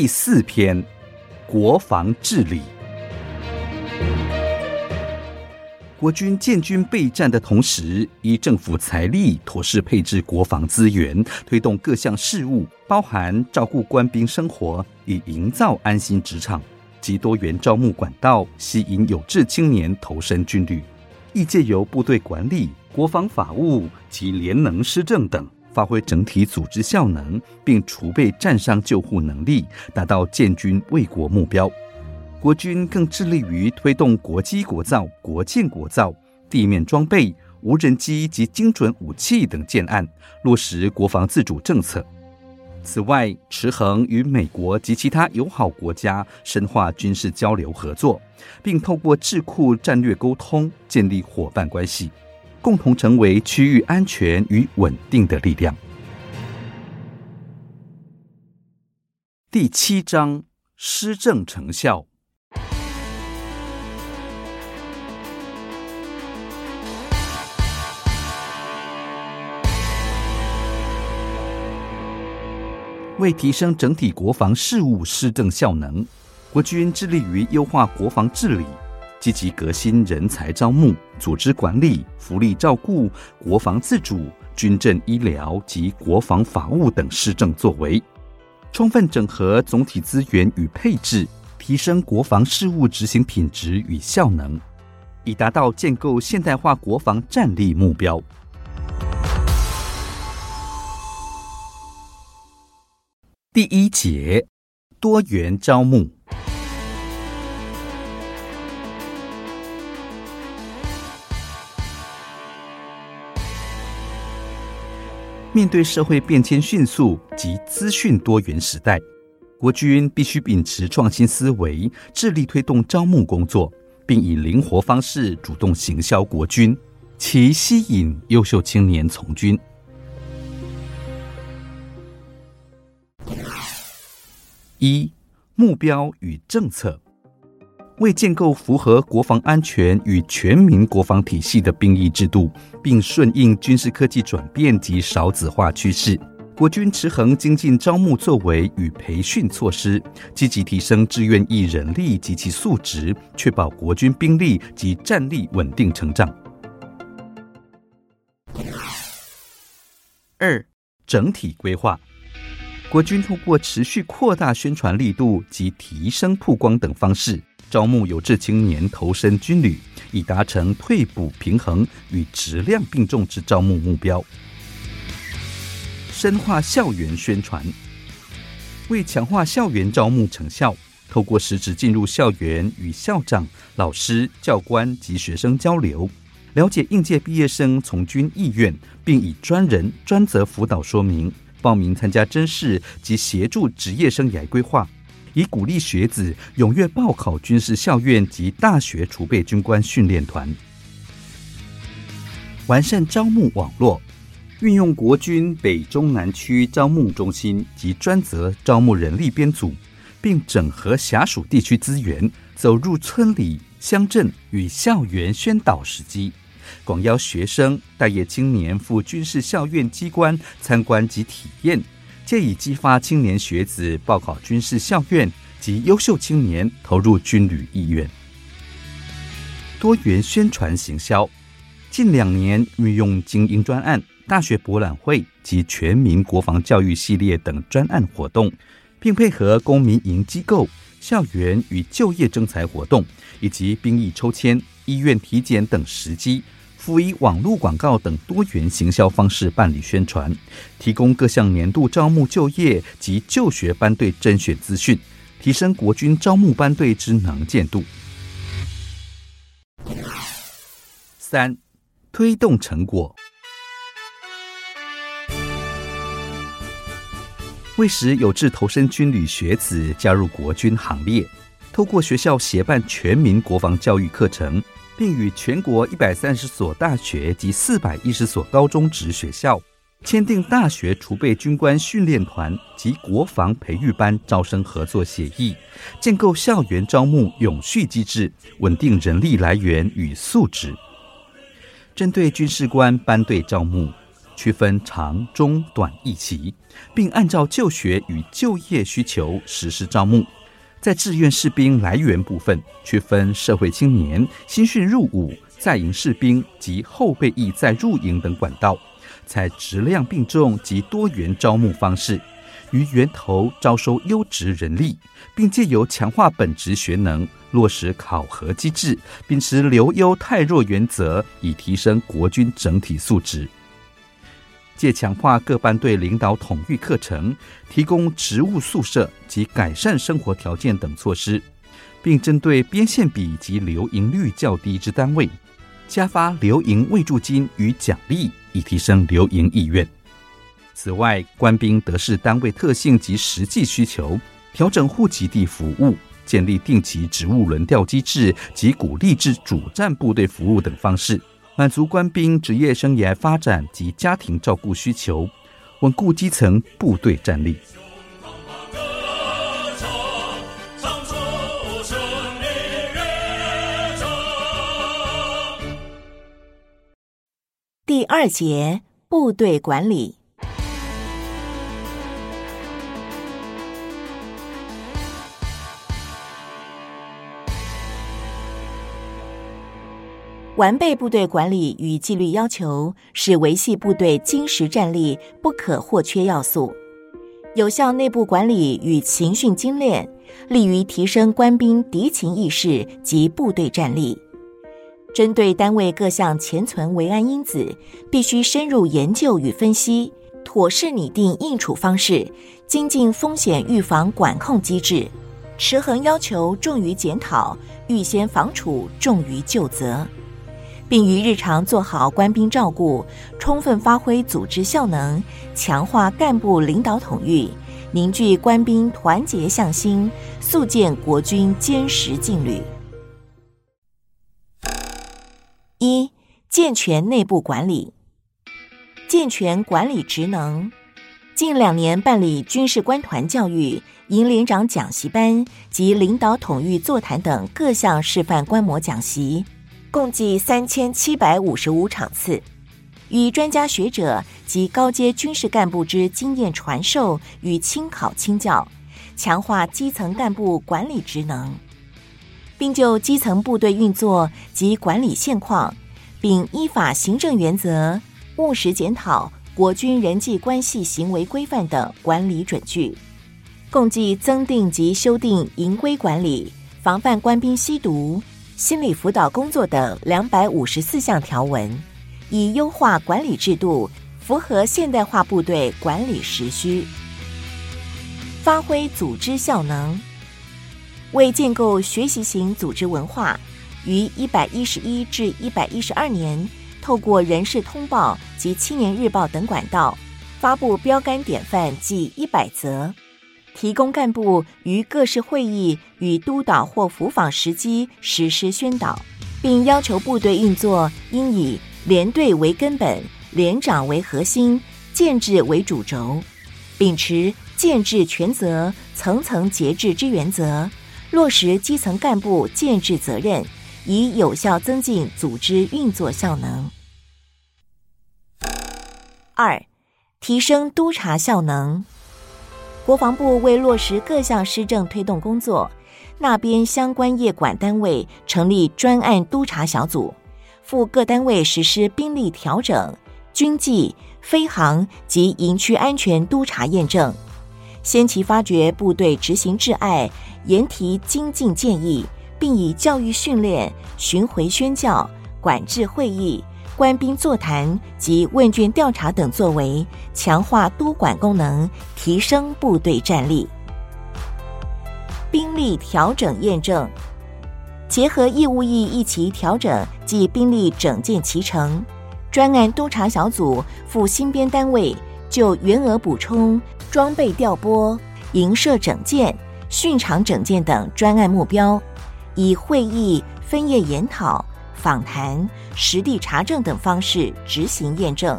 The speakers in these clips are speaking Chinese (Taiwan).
第四篇，國防治理。國軍建軍備戰的同時，依政府財力妥適配置國防資源，推動各項事務，包含照顧官兵生活，以營造安心職場及多元招募管道，吸引有志青年投身軍旅。亦借由部隊管理、國防法務及廉能施政等。發揮整體組織效能，並儲備戰傷救護能力，達到建軍衛國目標。國軍更致力於推動國機國造、國艦國造、地面裝備、無人機及精準武器等建案，落實國防自主政策。此外，持恆與美國及其他友好國家深化軍事交流合作，並透過智庫戰略溝通建立伙伴關係。共同成為區域安全與穩定的力量。第七章施政成效。為提升整體國防事務施政效能，國軍致力於優化國防治理。積極革新人才招募、組織管理、福利照顧、國防自主、軍陣醫療及國防法務等施政作為，充分整合總體資源與配置，提升國防事務執行品質與效能，以達到建構現代化國防戰力目標。第一節多元招募。面對社會變遷迅速、及資訊多元時代，國軍必須秉持創新思維，致力推動招募工作，並以靈活方式主動行銷國軍，其吸引優秀青年從軍。一、目標與政策。為建構符合國防安全與全民國防體系的兵役制度，並順應軍事科技轉變及少子化趨勢，國軍持恆精進招募作為與培訓措施，積極提升志願役人力及其素質，確保國軍兵力及戰力穩定成長。二、整體規劃，國軍通過持續擴大宣傳力度及提升曝光等方式。招募有志青年投身軍旅，以達成退補平衡與質量並重之招募目標。深化校園宣傳，為強化校園招募成效，透過實質進入校園與校長、老師、教官及學生交流，了解應屆畢業生從軍意願，並以專人專責輔導說明報名參加甄試及協助職業生涯規劃。以鼓勵學子踴躍報考軍事校院及大學儲備軍官訓練團，完善招募網絡，運用國軍北中南區招募中心及專責招募人力編組，並整合轄屬地區資源，走入村里、鄉鎮與校園宣導時機，廣邀學生、待業青年赴軍事校院機關參觀及體驗。借以激发青年學子報考軍事校院及優秀青年投入軍旅意願。多元宣傳行銷，近兩年運用精英專案、大學博覽會及全民國防教育系列等專案活動，並配合公民營機構、校園與就業徵才活動，以及兵役抽籤、醫院體檢等時機。輔以網絡廣告等多元行銷方式辦理宣傳，提供各項年度招募就業及就學班隊甄選資訊，提升國軍招募班隊之能見度。三、推動成果。為使有志投身軍旅學子加入國軍行列，透過學校協辦全民國防教育課程。並與全國一百三十所大學及四百一十所高中職學校簽訂大學儲備軍官訓練團及國防培育班招生合作協議，建構校園招募永續機制，穩定人力來源與素質。針對軍事官班隊招募，區分長、中、短一級，並按照就學與就業需求實施招募。在志願士兵來源部分，區分社會青年、新訓入伍、在營士兵及後備役在入營等管道，採質量並重及多元招募方式，於源頭招收優質人力，並借由強化本職學能、落實考核機制，秉持留優汰弱原則，以提升國軍整體素質。借強化各班隊領導統御課程，提供職務宿舍及改善生活條件等措施，並針對編現比及留營率較低之單位，加發留營慰助金與獎勵，以提升留營意願。此外，官兵得視單位特性及實際需求，調整戶籍地服務，建立定期職務輪調機制及鼓勵至主戰部隊服務等方式。滿足官兵職業生涯發展及家庭照顧需求，穩固基層部隊戰力。第二節，部隊管理。完備部隊管理與紀律要求，是維繫部隊精實戰力不可或缺要素。有效內部管理與勤訓精練，利於提升官兵敵情意識及部隊戰力。針對單位各項潛存危安因子，必須深入研究與分析，妥善擬定應處方式，精進風險預防管控機制。持恆要求重於檢討，預先防處重於究責。並於日常做好官兵照顧，充分發揮組織效能，強化幹部領導統御，凝聚官兵團結向心，塑建國軍堅實勁旅。一、健全內部管理，健全管理職能。近兩年辦理軍事官團教育、營連長講習班及領導統御座談等各項示範觀摩講習。共計三千七百五十五場次，與專家學者及高階軍事幹部之經驗傳授與親考親教，強化基層幹部管理職能，並就基層部隊運作及管理現況，並依法行政原則務實檢討國軍人際關係行為規範等管理準據，共計增訂及修訂營規管理，防範官兵吸毒、心理輔導工作等兩百五十四項條文，以優化管理制度，符合現代化部隊管理實需，發揮組織效能。為建構學習型組織文化，於一百一十一至一百一十二年，透過《人事通報》及《青年日報》等管道，發布標杆典範計一百則。提供幹部於各式會議與督導或服訪時機實施宣導，並要求部隊運作應以連隊為根本、連長為核心、建制為主軸，秉持建制權責層層節制之原則，落實基層幹部建制責任，以有效增進組織運作效能。二、提升督查效能。國防部為落實各項施政推動工作，那邊相關業管單位成立專案督察小組，赴各單位實施兵力調整、軍紀、飛航及營區安全督察驗證，先期發掘部隊執行障礙，研提精進建議，並以教育訓練、巡迴宣教、管制會議。官兵座談及問卷調查等作為，強化督管功能，提升部隊戰力。兵力調整驗證，結合義務役一期調整，即兵力整建期程。專案督察小組赴新編單位，就員額補充、裝備調撥、營設整建、訓場整建等專案目標，以會議分業研討。訪談、實地查證等方式執行驗證，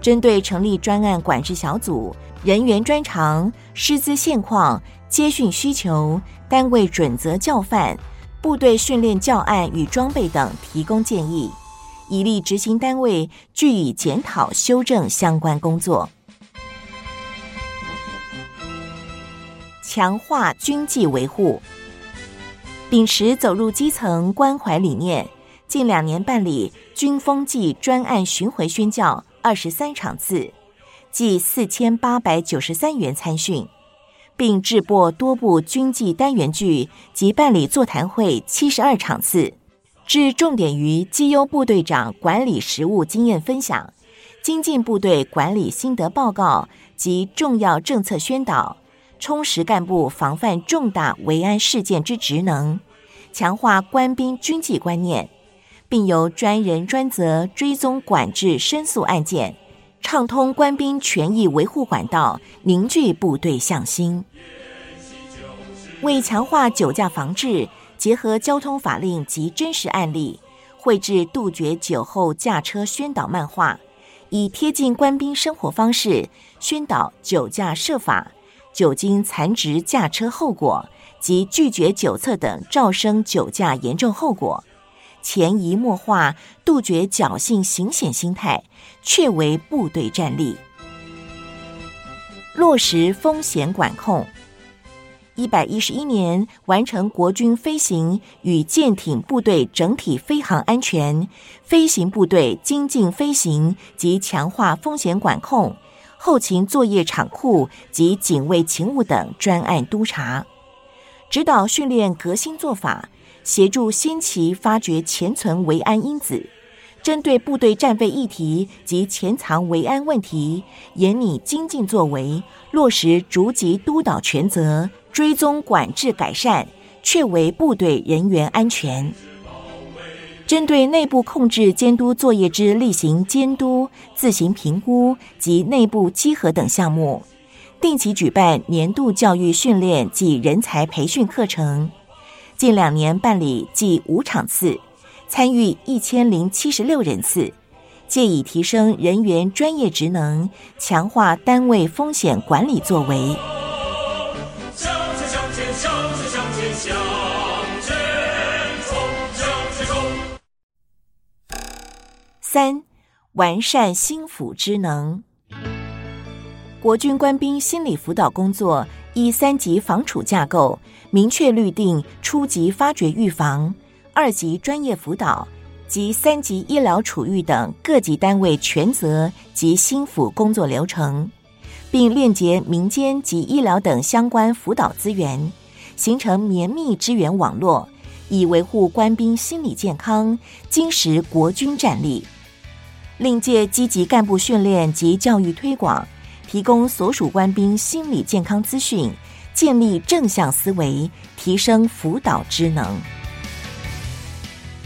針對成立專案管制小組、人員專長、師資現況、接訓需求、單位準則教範、部隊訓練教案與裝備等，提供建議，以利執行單位據以檢討修正相關工作，強化軍紀維護。秉持走入基層關懷理念，近兩年辦理軍風紀專案巡迴宣教二十三場次，計四千八百九十三員參訓，並制播多部軍紀單元劇及辦理座談會七十二場次，置重點於績優部隊長管理實務經驗分享、精進部隊管理心得報告及重要政策宣導。充實幹部防範重大維安事件之職能，強化官兵軍紀觀念，並由專人專責追蹤管制申訴案件，暢通官兵權益維護管道，凝聚部隊向心。為強化酒駕防治，結合交通法令及真實案例，繪制杜絕酒後駕車宣導漫畫，以貼近官兵生活方式宣導酒駕設法。酒精殘值駕車後果及拒絕酒測等，肇生酒駕嚴重後果，潛移默化杜絕僥幸行險心態，確為部隊戰力。落實風險管控，一百一十一年完成國軍飛行與艦艇部隊整體飛航安全，飛行部隊精進飛行及強化風險管控。後勤作業場庫及警衛勤務等專案督查，指導訓練革新做法，協助先期發掘潛存維安因子，針對部隊戰備議題及潛藏維安問題，研擬精進作為，落實逐級督導權責，追蹤管制改善，確維部隊人員安全。針對內部控制監督作業之例行監督、自行評估及內部稽核等項目，定期舉辦年度教育訓練及人才培訓課程，近兩年辦理計五場次，參與一千零七十六人次，借以提升人員專業職能，強化單位風險管理作為。三、完善心輔職能。國軍官兵心理輔導工作依三級防處架構，明確律定初級發掘預防、二級專業輔導及三級醫療處遇等各級單位權責及心輔工作流程，並鏈接民間及醫療等相關輔導資源，形成綿密支援網絡，以維護官兵心理健康，精實國軍戰力。另借積極幹部訓練及教育推廣，提供所屬官兵心理健康資訊，建立正向思維，提升輔導職能，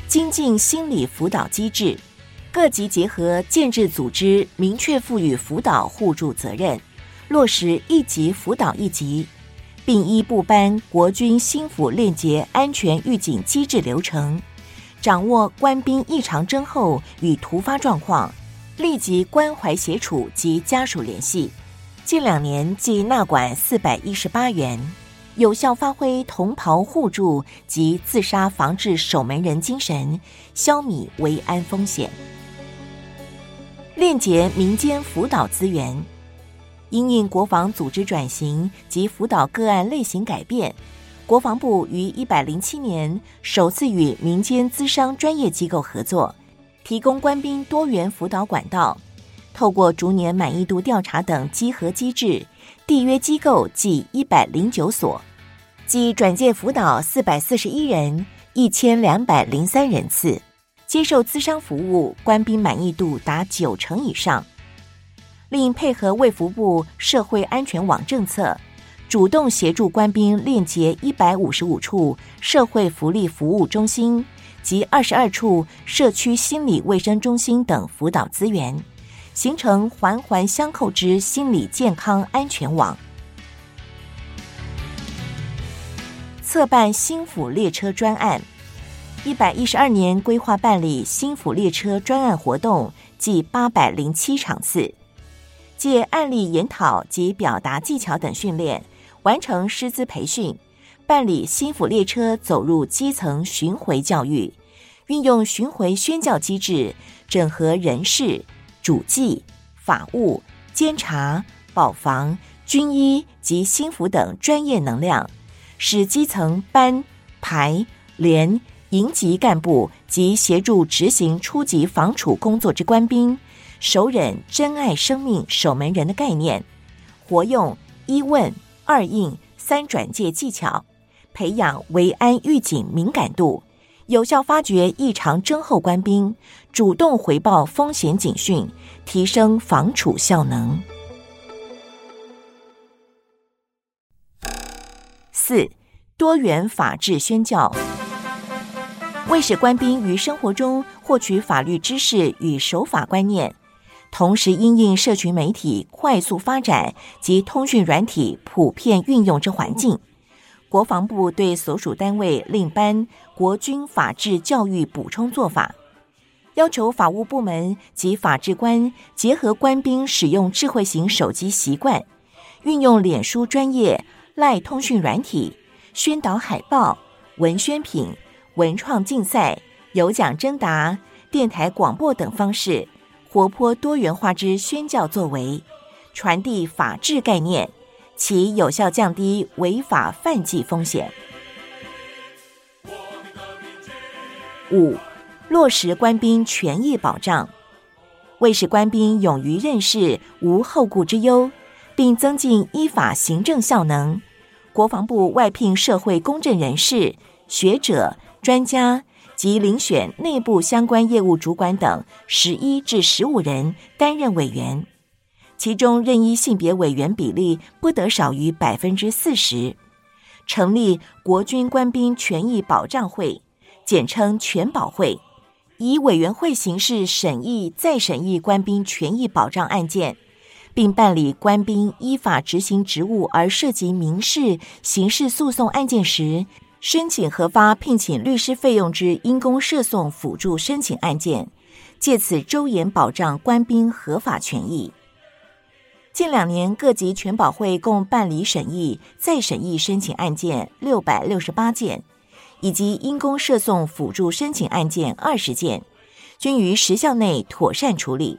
精進心理輔導機制。各級結合建制組織，明確賦予輔導互助責任，落實一級輔導一級，並依部頒國軍心輔鏈接安全預警機制流程，掌握官兵異常徵候與突發狀況，立即關懷協助及家屬聯繫。近兩年即納管四百一十八員，有效發揮同袍互助及自殺防治守門人精神，消弭危安風險。鏈接民間輔導資源，因應國防組織轉型及輔導個案類型改變。國防部於一百零七年首次與民間諮商專業機構合作，提供官兵多元輔導管道。透過逐年滿意度調查等稽核機制，締約機構計一百零九所，即轉介輔導四百四十一人，一千兩百零三人次接受諮商服務，官兵滿意度達九成以上。另配合衛福部社會安全網政策。主動協助官兵鏈接一百五十五處社會福利服務中心及二十二處社區心理衛生中心等輔導資源，形成環環相扣之心理健康安全網。策辦心輔列車專案，一百一十二年規劃辦理心輔列車專案活動，計八百零七場次，藉案例研討及表達技巧等訓練。完成師資培訓，辦理心輔列車走入基層巡迴教育，運用巡迴宣教機制，整合人事、主計、法務、監察、保防、軍醫及心輔等專業能量，使基層班、排、連營級幹部及協助執行初級防處工作之官兵，熟稔“珍愛生命，守門人”的概念，活用一問。二應三轉介技巧，培養維安預警敏感度，有效發掘異常徵候官兵，主動回報風險警訊，提升防處效能。四多元法治宣教，為使官兵於生活中獲取法律知識與守法觀念。同時，因應社群媒體快速發展及通訊軟體普遍運用之環境，國防部對所屬單位另頒《國軍法制教育補充做法》，要求法務部門及法制官結合官兵使用智慧型手機習慣，運用臉書、專業賴通訊軟體、宣導海報、文宣品、文創競賽、有獎徵答、電台廣播等方式。活潑多元化之宣教作為，傳遞法治概念，其有效降低違法犯紀風險。五，落實官兵權益保障，為使官兵勇於任事，無後顧之憂，並增進依法行政效能，國防部外聘社會公正人士、學者、專家。及遴選內部相關業務主管等十一至十五人擔任委員，其中任一性別委員比例不得少於百分之四十。成立國軍官兵權益保障會，簡稱“全保會”，以委員會形式審議、再審議官兵權益保障案件，並辦理官兵依法執行職務而涉及民事、刑事訴訟案件時。申請核發聘請律師費用之因公涉訟輔助申請案件，借此周延保障官兵合法權益。近兩年，各級全保會共辦理審議、再審議申請案件六百六十八件，以及因公涉訟輔助申請案件二十件，均於時效內妥善處理。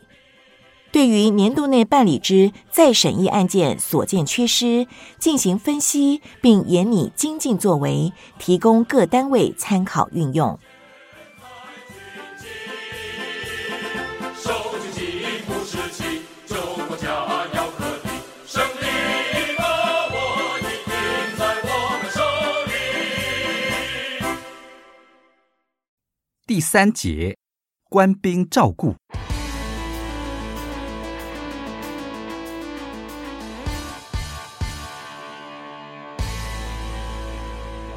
對於年度內辦理之再審議案件所見缺失，進行分析，並研擬精進作為，提供各單位參考運用。第三節，官兵照顧。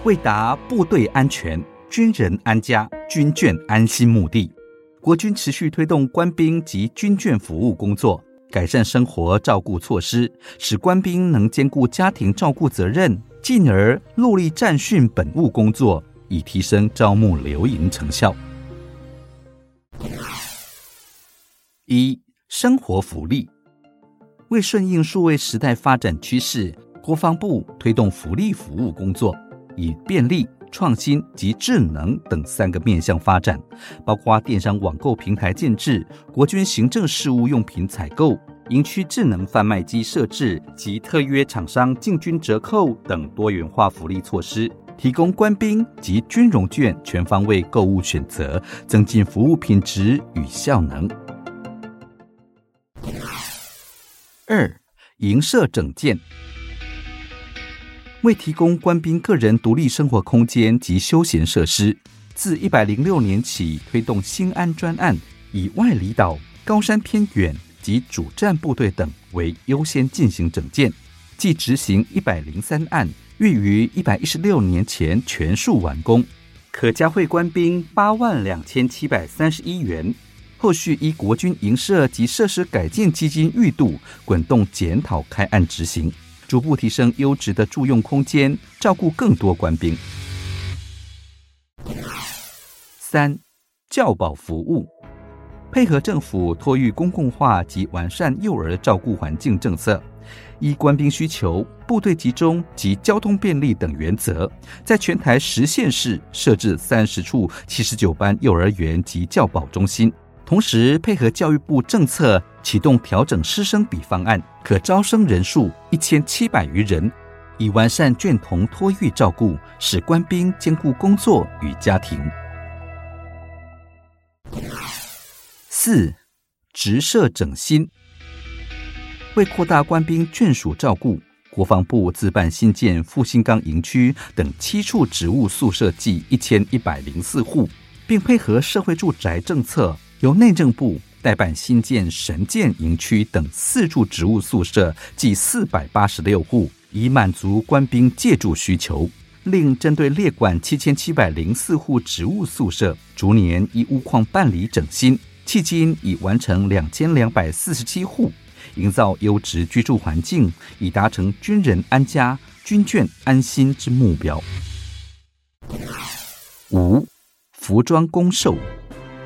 為達部隊安全、軍人安家、軍眷安心目的，國軍持續推動官兵及軍眷服務工作，改善生活照顧措施，使官兵能兼顧家庭照顧責任，進而戮力戰訓本務工作，以提升招募留營成效。一、生活福利，為順應數位時代發展趨勢，國防部推動福利服務工作。以便利、創新及智能等三個面向發展，包括電商網購平台建置、國軍行政事務用品採購、營區智能販賣機設置及特約廠商進軍折扣等多元化福利措施，提供官兵及軍容券全方位購物選擇，增進服務品質與效能。二、營舍整建。為提供官兵個人獨立生活空間及休閒設施，自一百零六年起推動新安專案，以外離島、高山偏遠及主戰部隊等為優先進行整建，即執行一百零三案，預於一百一十六年前全數完工，可嘉惠官兵八萬兩千七百三十一員。後續依國軍營舍及設施改建基金預度滾動檢討開案執行。逐步提升優質的住用空間，照顧更多官兵。三、教保服務配合政府托育公共化及完善幼兒照顧環境政策，依官兵需求、部隊集中及交通便利等原則，在全台十縣市設置三十處七十九班幼兒園及教保中心。同時配合教育部政策，啟動調整師生比方案，可招生人數一千七百餘人，以完善眷童托育照顧，使官兵兼顧工作與家庭。四，直設整新，為擴大官兵眷屬照顧，國防部自辦新建復興崗營區等七處職務宿舍，計一千一百零四戶，並配合社會住宅政策。由內政部代辦新建神建營區等四處職務宿舍，計四百八十六戶，以滿足官兵借住需求。另針對列管七千七百零四戶職務宿舍，逐年依屋況辦理整新，迄今已完成兩千兩百四十七戶，營造優質居住環境，以達成軍人安家、軍眷安心之目標。五、服裝供售。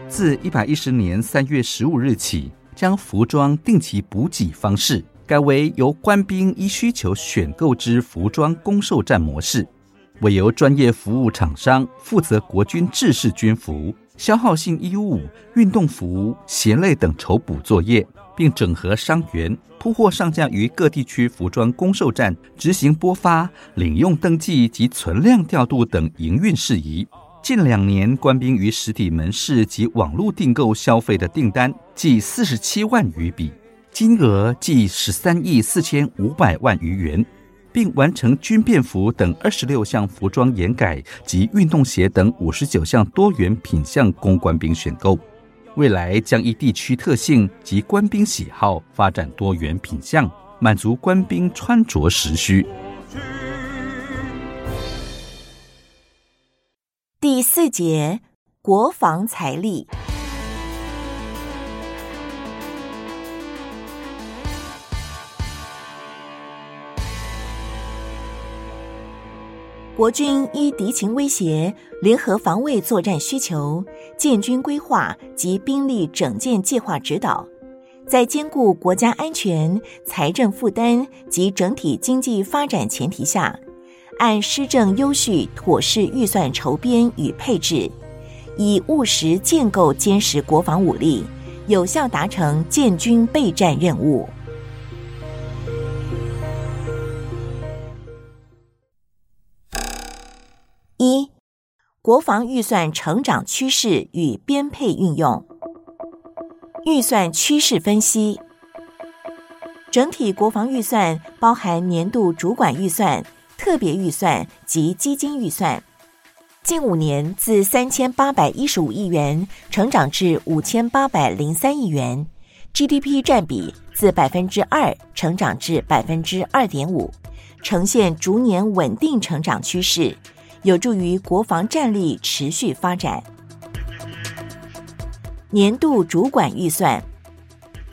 自一百一十年三月十五日起，將服裝定期補給方式改為由官兵依需求選購之服裝供售站模式，委由專業服務廠商負責國軍制式軍服、消耗性衣物、運動服、鞋類等籌補作業，並整合商源鋪貨上架於各地區服裝供售站，執行撥發、領用登記及存量調度等營運事宜。近兩年，官兵於實體門市及網絡訂購消費的訂單計四十七萬餘筆，金額計十三億四千五百萬餘元，並完成軍便服等二十六項服裝研改及運動鞋等五十九項多元品項供官兵選購。未來將依地區特性及官兵喜好發展多元品項，滿足官兵穿着時需。四節，國防財力。國軍依敵情威脅、聯合防衛作戰需求、建軍規劃及兵力整建計劃指導，在兼顧國家安全、財政負擔及整體經濟發展前提下。按施政優序，妥適預算籌編與配置，以務實建構堅實國防武力，有效達成建軍備戰任務。一、國防預算成長趨勢與編配運用。預算趨勢分析：整體國防預算包含年度主管預算。特別預算及基金預算，近五年自三千八百一十五億元成長至五千八百零三億元，GDP 佔比自百分之二成長至百分之二點五，呈現逐年穩定成長趨勢，有助於國防戰力持續發展。年度主管預算，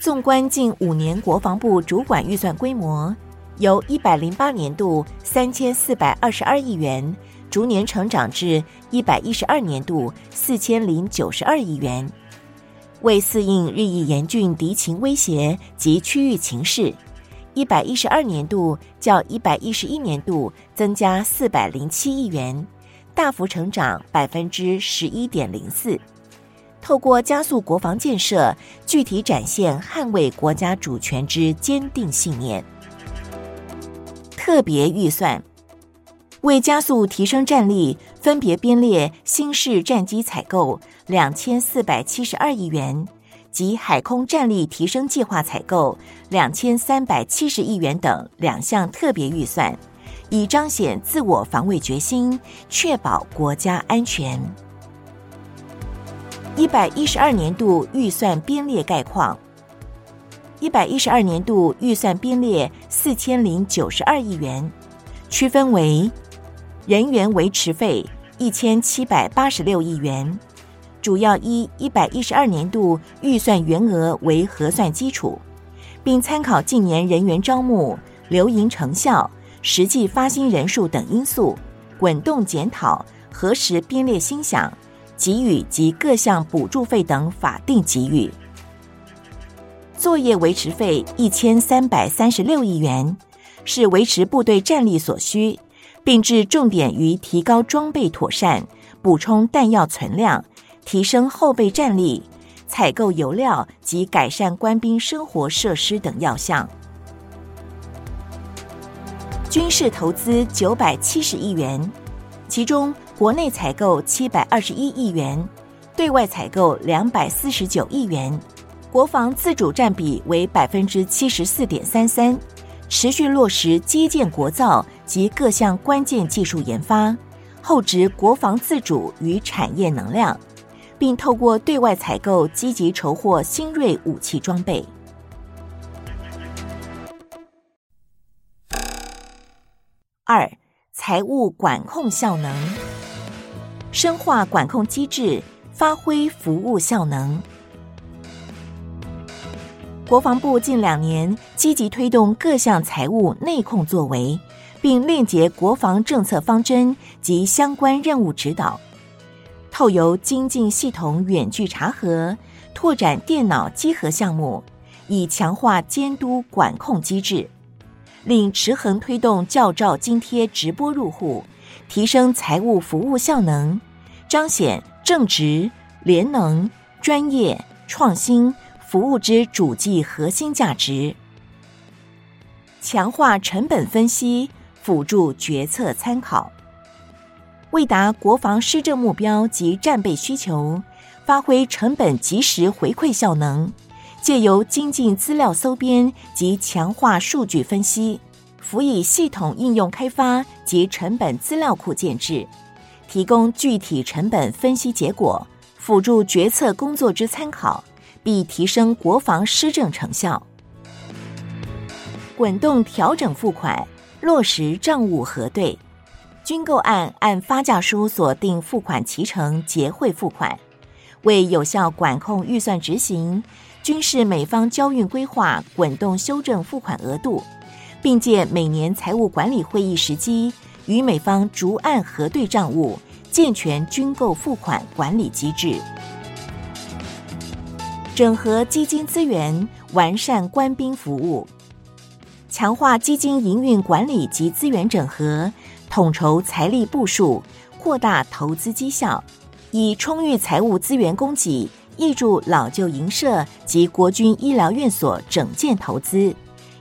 縱觀近五年國防部主管預算規模。由一百零八年度三千四百二十二億元逐年成長至一百一十二年度四千零九十二億元，為適應日益嚴峻敵情威脅及區域情勢，一百一十二年度較一百一十一年度增加四百零七億元，大幅成長百分之十一點零四。透過加速國防建設，具體展現捍衛國家主權之堅定信念。特別預算，為加速提升戰力，分別編列新式戰機採購兩千四百七十二億元及海空戰力提升計劃採購兩千三百七十億元等兩項特別預算，以彰顯自我防衛決心，確保國家安全。一百一十二年度預算編列概況。一百一十二年度預算編列四千零九十二億元，區分為人員維持費一千七百八十六億元。主要依一百一十二年度預算原額為核算基礎，並參考近年人員招募留營成效、實際發薪人數等因素，滾動檢討核實編列薪餉給予及各項補助費等法定給予。作業維持費一千三百三十六億元，是維持部隊戰力所需，並置重點於提高裝備妥善、補充彈藥存量、提升後備戰力、採購油料及改善官兵生活設施等要項。軍事投資九百七十億元，其中國內採購七百二十一億元，對外採購兩百四十九億元。國防自主占比為百分之七十四點三三，持續落實基建國造及各項關鍵技術研發，厚植國防自主與產業能量，並透過對外採購積極籌獲，獲新銳武器裝備。二，財務管控效能，深化管控機制，發揮服務效能。國防部近兩年積極推動各項財務內控作為，並鏈接國防政策方針及相關任務指導，透由精進系統遠距查核，拓展電腦稽核項目，以強化監督管控機制，另持恆推動教召津貼直撥入戶，提升財務服務效能，彰顯正直、廉能、專業、創新。服務之主計核心價值，強化成本分析，輔助決策參考。為達國防施政目標及戰備需求，發揮成本及時回饋效能，借由精進資料搜編及強化數據分析，輔以系統應用開發及成本資料庫建制，提供具體成本分析結果，輔助決策工作之參考。並提升國防施政成效。滾動調整付款，落實賬務核對。軍購案按發價書鎖定付款期程，結匯付款。為有效管控預算執行，軍售美方交運規劃滾動修正付款額度，並借每年財務管理會議時機，與美方逐案核對賬務，健全軍購付款管理機制。整合基金資源，完善官兵服務，強化基金營運管理及資源整合，統籌財力部署，擴大投資績效，以充裕財務資源供給，挹注老舊營舍及國軍醫療院所整建投資，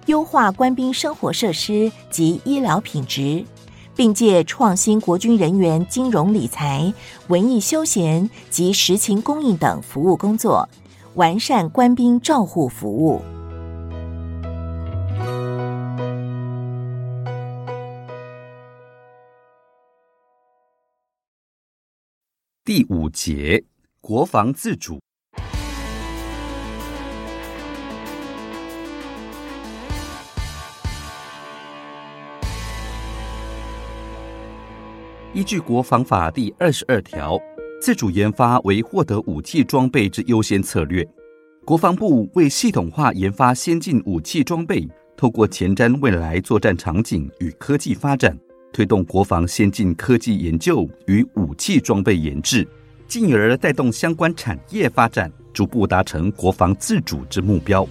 優化官兵生活設施及醫療品質，並借創新國軍人員金融理財、文藝休閒及實情供應等服務工作。完善官兵照護服務。第五節國防自主。依據《國防法》第二十二條。自主研發為獲得武器裝備之優先策略。國防部為系統化研發先進武器裝備，透過前瞻未來作戰場景與科技發展，推動國防先進科技研究與武器裝備研製，進而帶動相關產業發展，逐步達成國防自主之目標。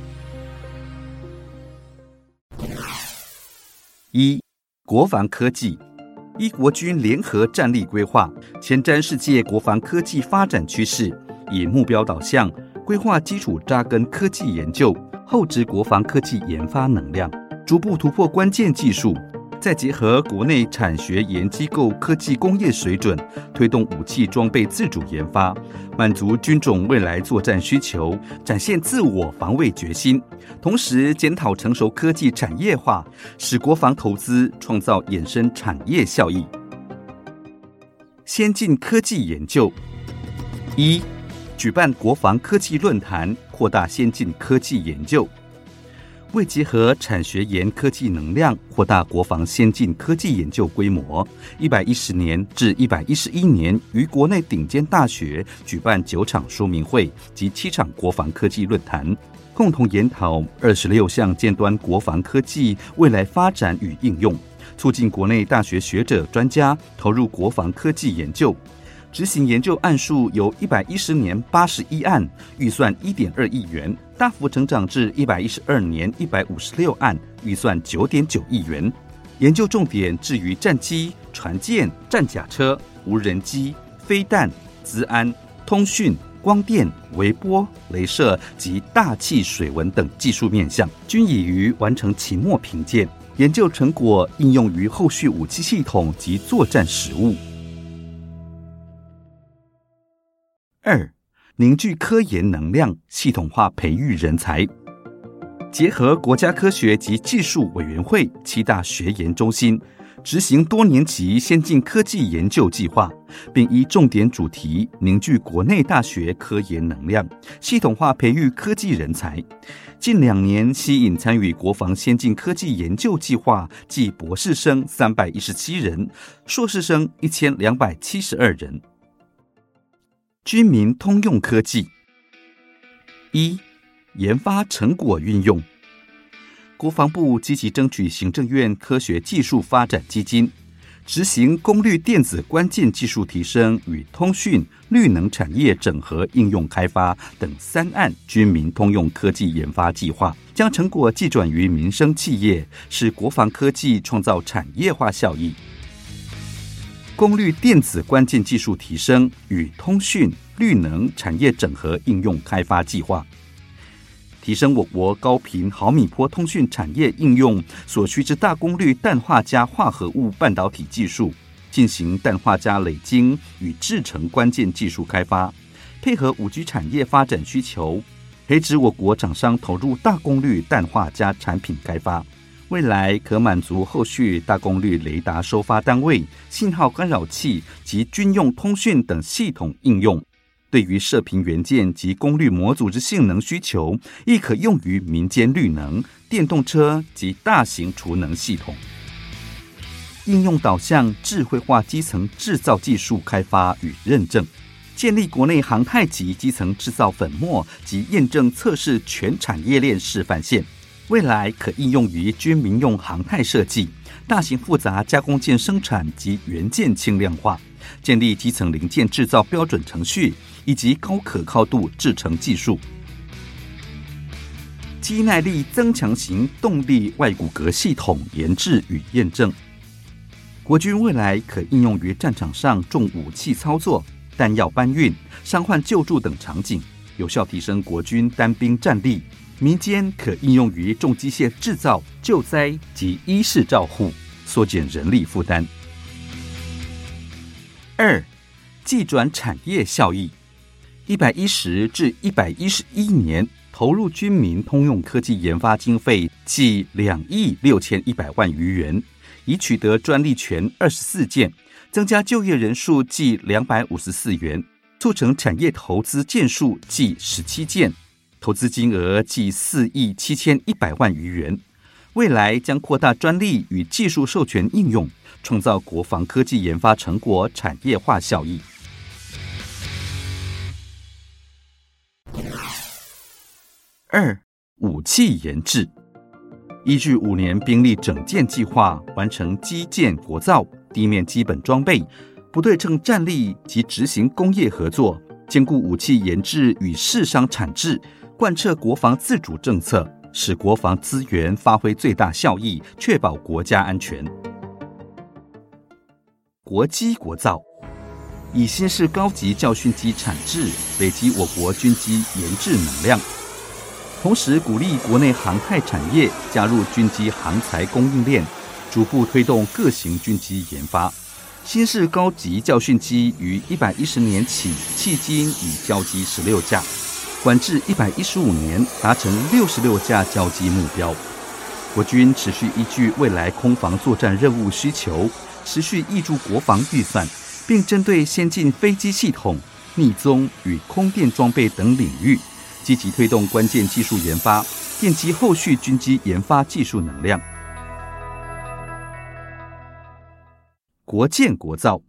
一、國防科技。依國軍聯合戰力規劃，前瞻世界國防科技發展趨勢，以目標導向規劃基礎扎根科技研究，厚植國防科技研發能量，逐步突破關鍵技術。再結合國內產學研機構科技工業水準，推動武器裝備自主研發，滿足軍種未來作戰需求，展現自我防衛決心；同時檢討成熟科技產業化，使國防投資創造衍生產業效益。先進科技研究一，1. 舉辦國防科技論壇，擴大先進科技研究。為結合產學研科技能量，擴大國防先進科技研究規模，一百一十年至一百一十一年，於國內頂尖大學舉辦九場說明會及七場國防科技論壇，共同研討二十六項尖端國防科技未來發展與應用，促進國內大學學者專家投入國防科技研究。執行研究案數由一百一十年八十一案，預算一點二億元，大幅成長至一百一十二年一百五十六案，預算九點九億元。研究重點置於戰機、船艦、戰甲車、無人機、飛彈、資安、通訊、光電、微波、雷射及大氣水文等技術面向，均已於完成期末評鑑。研究成果應用於後續武器系統及作戰實務。二、凝聚科研能量，系統化培育人才。結合國家科學及技術委員會七大學研中心，執行多年級先進科技研究計劃，並依重點主題凝聚國內大學科研能量，系統化培育科技人才。近兩年吸引參與國防先進科技研究計劃，即博士生三百一十七人，碩士生一千兩百七十二人。軍民通用科技。一，研發成果運用。國防部積極爭取行政院科學技術發展基金，執行功率電子關鍵技術提升與通訊、綠能產業整合應用開發等三案軍民通用科技研發計劃，將成果技轉於民生企業，使國防科技創造產業化效益。功率電子關鍵技術提升與通訊綠能產業整合應用開發計劃，提升我國高頻毫米波通訊產業應用所需之大功率氮化鎵化合物半導體技術，進行氮化鎵磊晶與製程關鍵技術開發，配合五 G 產業發展需求，培植我國廠商投入大功率氮化鎵產品開發。未來可滿足後續大功率雷達收發單位、信號干擾器及軍用通訊等系統應用。對於射頻元件及功率模組之性能需求，亦可用於民間綠能、電動車及大型儲能系統。應用導向智慧化基層製造技術開發與認證，建立國內航太級基層製造粉末及驗證測試全產業鏈示範線。未來可應用於軍民用航太設計、大型複雜加工件生產及元件輕量化，建立基層零件制造標準程序以及高可靠度製程技術。肌耐力增強型動力外骨骼系統研制與驗證，國軍未來可應用於戰場上重武器操作、彈藥搬運、傷患救助等場景，有效提升國軍單兵戰力。民間可應用於重機械製造、救災及醫事照護，縮減人力負擔。二，技轉產業效益：一百一十至一百一十一年投入軍民通用科技研發經費計兩億六千一百萬餘元，已取得專利權二十四件，增加就業人數計兩百五十四元，促成產業投資件數計十七件。投資金額計四億七千一百萬餘元，未來將擴大專利與技術授權應用，創造國防科技研發成果產業化效益。二，武器研制，依據五年兵力整建計劃，完成機艦國造、地面基本裝備、不對稱戰力及執行工業合作，兼顧武器研制與市商產製。貫徹國防自主政策，使國防資源發揮最大效益，確保國家安全。國機國造，以新式高級教訓機產制，累積我國軍機研製能量，同時鼓勵國內航太產業加入軍機航材供應鏈，逐步推動各型軍機研發。新式高級教訓機於一百一十年起，迄今已交機十六架。管制一百一十五年，達成六十六架交機目標。國軍持續依據未來空防作戰任務需求，持續挹注國防預算，並針對先進飛機系統、匿蹤與空電裝備等領域，積極推動關鍵技術研發，奠基後續軍機研發技術能量。國艦國造，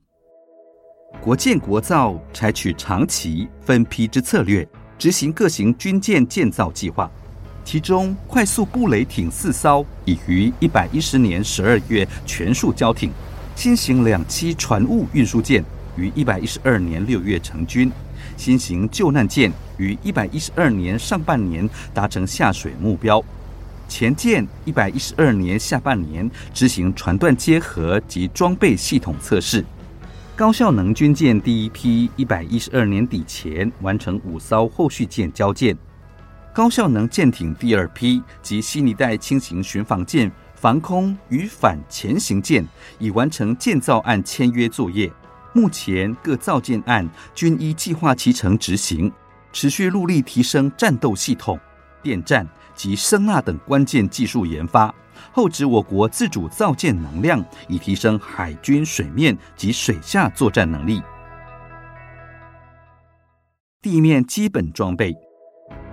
國艦國造，採取長期分批之策略。執行各型軍艦建造計劃，其中快速布雷艇四艘已於一百一十年十二月全數交艇，新型兩棲船塢運輸艦於一百一十二年六月成軍，新型救難艦於一百一十二年上半年達成下水目標，潛艦一百一十二年下半年執行船段接合及裝備系統測試。高效能軍艦第一批一百一十二年底前完成五艘後續艦交艦，高效能艦艇第二批及新一代輕型巡防艦、防空與反潛型艦已完成建造案簽約作業，目前各造艦案均依計劃期程執行，持續戮力提升戰鬥系統、電站及聲納等關鍵技術研發。厚植我國自主造艦能量，以提升海軍水面及水下作戰能力。地面基本裝備，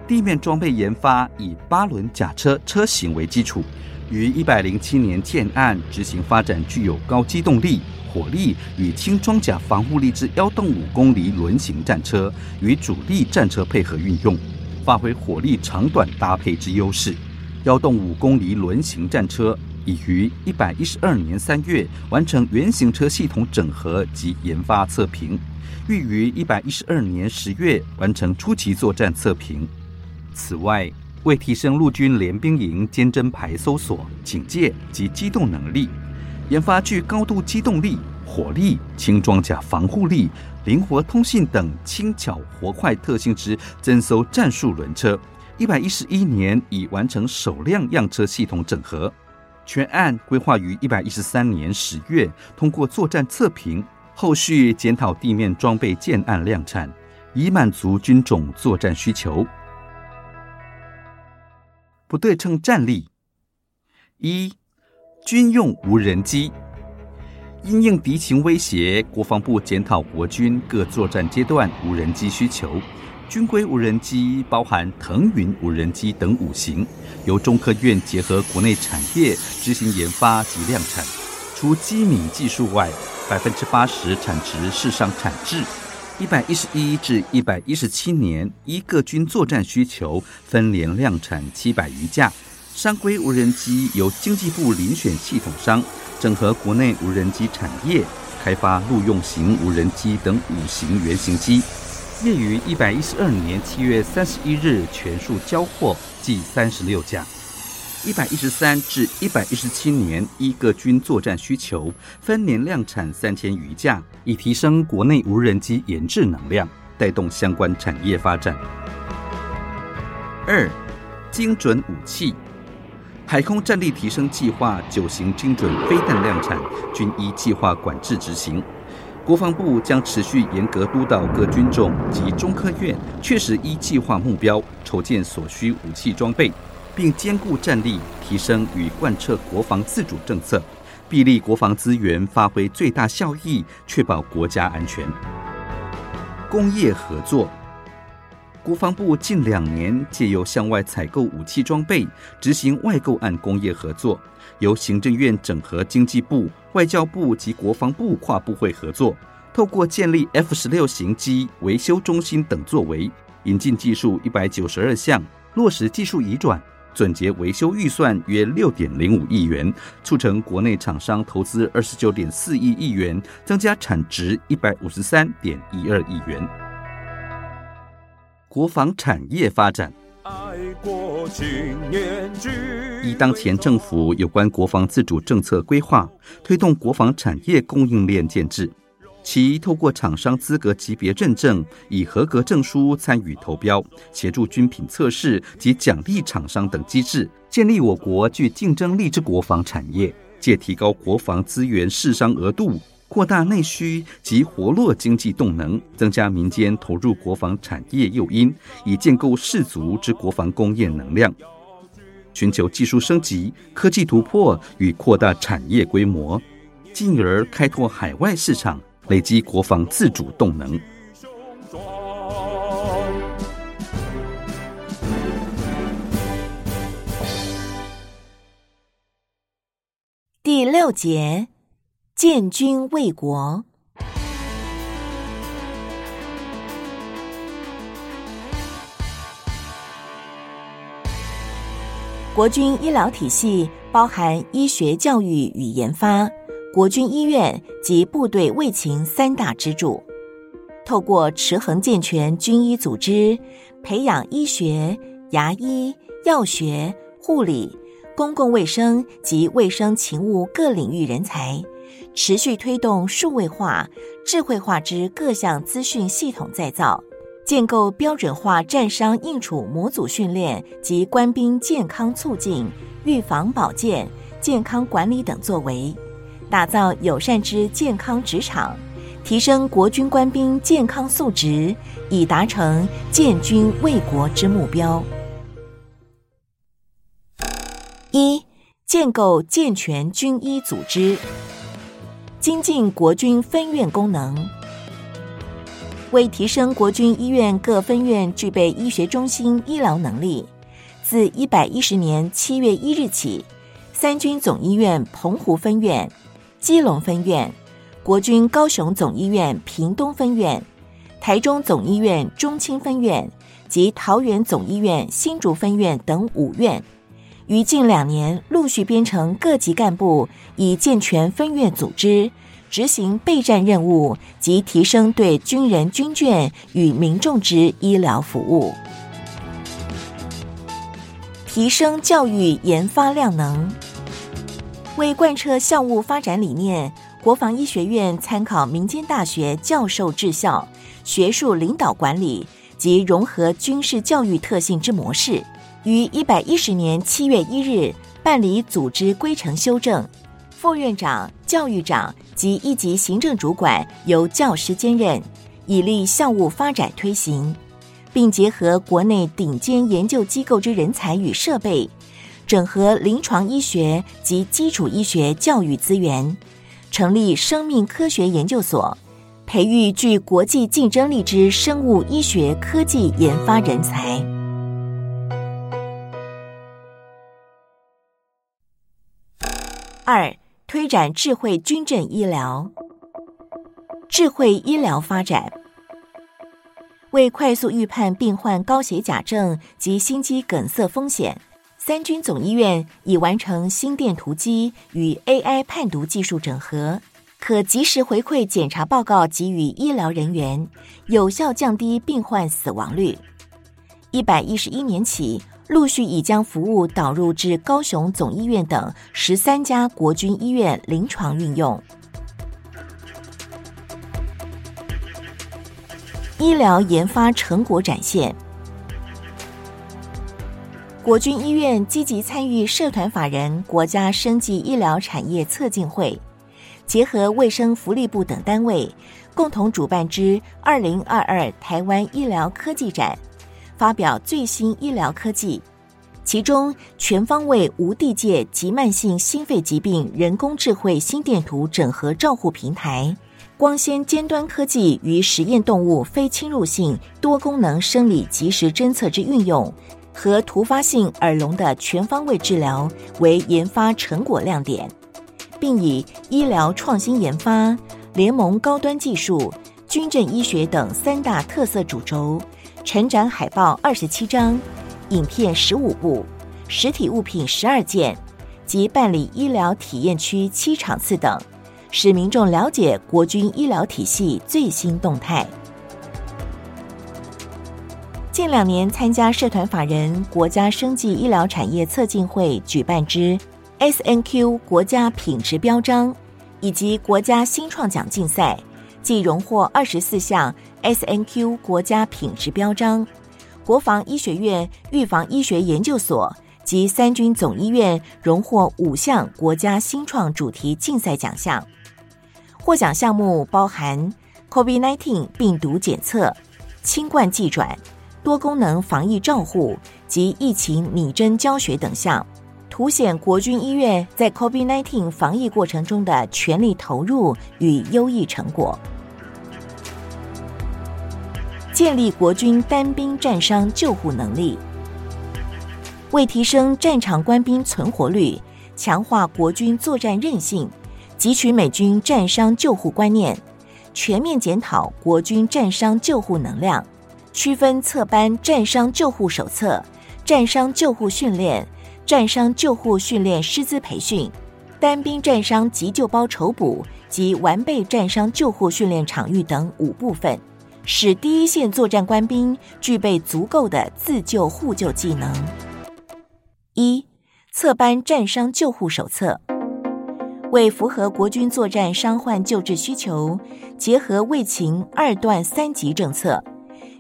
地面裝備研發以八輪甲車車型為基礎，於一百零七年建案執行發展具有高機動力、火力與輕裝甲防護力之幺洞五公厘輪型戰車，與主力戰車配合運用，發揮火力長短搭配之優勢。標動五公里輪型戰車已於一百一十二年三月完成原型車系統整合及研發測評，預於一百一十二年十月完成初期作戰測評。此外，為提升陸軍聯兵營尖偵排搜索、警戒及機動能力，研發具高度機動力、火力、輕裝甲防護力、靈活通信等輕巧活快特性之偵搜戰術輪車。一百一十一年已完成首輛樣車系統整合，全案規劃於一百一十三年十月通過作戰測評，後續檢討地面裝備建案量產，以滿足軍種作戰需求。不對稱戰力，一、軍用無人機，因應敵情威脅，國防部檢討國軍各作戰階段無人機需求。軍規無人機包含騰雲無人機等五型，由中科院結合國內產業執行研發及量產。除機敏技術外，百分之八十產值市上產製。一百一十一至一百一十七年，依各軍作戰需求分連量產七百餘架。商規無人機由經濟部遴選系統商，整合國內無人機產業，開發陸用型無人機等五型原型機。列於一百一十二年七月三十一日全數交貨，計三十六架。一百一十三至一百一十七年一個軍作戰需求，分年量產三千餘架，以提升國內無人機研制能量，帶動相關產業發展。二、精準武器海空戰力提升計劃九型精準飛彈量產，均依計劃管制執行。國防部將持續嚴格督導各軍種及中科院，確實依計劃目標籌建所需武器裝備，並兼顧戰力提升與貫徹國防自主政策，俾利國防資源發揮最大效益，確保國家安全。工業合作。國防部近兩年借由向外採購武器裝備，執行外購案工業合作，由行政院整合經濟部、外交部及國防部跨部會合作，透過建立 F 十六型機維修中心等作為，引進技術一百九十二項，落實技術移轉，撙節維修預算約六點零五億元，促成國內廠商投資二十九點四一億元，增加產值一百五十三點一二億元。國防產業發展，依當前政府有關國防自主政策規劃，推動國防產業供應鏈建制。其透過廠商資格級別認證、以合格證書參與投標、協助軍品測試及獎勵廠商等機制，建立我國具競爭力之國防產業，借提高國防資源釋商額度。擴大內需及活絡經濟動能，增加民間投入國防產業誘因，以建構自足之國防工業能量；尋求技術升級、科技突破與擴大產業規模，進而開拓海外市場，累積國防自主動能。第六節。健軍衛國，國軍醫療體系包含醫學教育與研發、國軍醫院及部隊衛勤三大支柱。透過持恆健全軍醫組織，培養醫學、牙醫、藥學、護理、公共衛生及衛生勤務各領域人才。持續推動數位化、智慧化之各項資訊系統再造，建構標準化戰傷應處模組訓練及官兵健康促進、預防保健、健康管理等作為，打造友善之健康職場，提升國軍官兵健康素質，以達成建軍衛國之目標。一、建構健全軍醫組織。精進國軍分院功能，為提升國軍醫院各分院具備醫學中心醫療能力，自一百一十年七月一日起，三軍總醫院澎湖分院、基隆分院、國軍高雄總醫院屏東分院、台中總醫院中清分院及桃園總醫院新竹分院等五院，於近兩年陸續編成各級幹部，以健全分院組織，執行備戰任務及提升對軍人、軍眷與民眾之醫療服務。提升教育研發量能，為貫徹校務發展理念，國防醫學院參考民間大學教授治校、學術領導管理及融合軍事教育特性之模式。於一百一十年七月一日辦理組織規程修正，副院長、教育長及一級行政主管由教師兼任，以利校務發展推行，並結合國內頂尖研究機構之人才與設備，整合臨床醫學及基礎醫學教育資源，成立生命科學研究所，培育具國際競爭力之生物醫學科技研發人才。二、推展智慧軍陣醫療，智慧醫療發展，為快速預判病患高血鉀症及心肌梗塞風險，三軍總醫院已完成心電圖機與 AI 判讀技術整合，可及時回饋檢查報告給予醫療人員，有效降低病患死亡率。一百一十一年起，陸續已將服務導入至高雄總醫院等十三家國軍醫院臨床運用。醫療研發成果展現，國軍醫院積極參與社團法人國家生技醫療產業策進會，結合衛生福利部等單位，共同主辦之二零二二台灣醫療科技展。發表最新醫療科技，其中全方位無地界急慢性心肺疾病人工智慧心電圖整合照護平台、光纖尖端科技與實驗動物非侵入性多功能生理即時偵測之運用和突發性耳聾的全方位治療為研發成果亮點，並以醫療創新研發、聯盟高端技術、軍陣醫學等三大特色主軸。陳展海報二十七張，影片十五部，實體物品十二件，及辦理醫療體驗區七場次等，使民眾了解國軍醫療體系最新動態。近兩年參加社團法人國家生技醫療產業策進會舉辦之 SNQ 國家品質標章，以及國家新創獎競賽，即榮獲二十四項。SNQ 國家品質標章，國防醫學院預防醫學研究所及三軍總醫院榮獲五項國家新創主題競賽獎項。獲獎項目包含 COVID-19 病毒檢測、清冠技轉、多功能防疫照護及疫情擬真教學等項，凸顯國軍醫院在 COVID-19 防疫過程中的全力投入與優異成果。建立國軍單兵戰傷救護能力，為提升戰場官兵存活率，強化國軍作戰韌性，汲取美軍戰傷救護觀念，全面檢討國軍戰傷救護能量，區分策頒戰傷救護手冊、戰傷救護訓練、戰傷救護訓練師資培訓、單兵戰傷急救包籌補及完備戰傷救護訓練場域等五部分。使第一線作戰官兵具備足夠的自救互救技能。一、策頒戰傷救護手冊，為符合國軍作戰傷患救治需求，結合衛勤二段三級政策，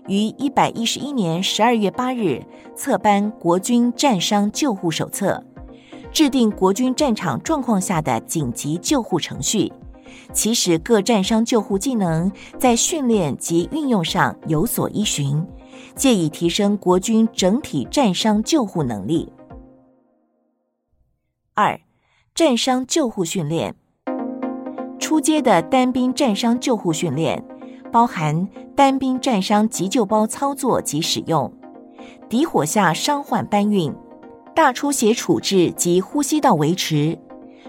於一百一十一年十二月八日策頒《國軍戰傷救護手冊》，制定國軍戰場狀況下的緊急救護程序。其使各戰傷救護技能在訓練及運用上有所依循，借以提升國軍整體戰傷救護能力。二、戰傷救護訓練。初階的單兵戰傷救護訓練，包含單兵戰傷急救包操作及使用、敵火下傷患搬運、大出血處置及呼吸道維持。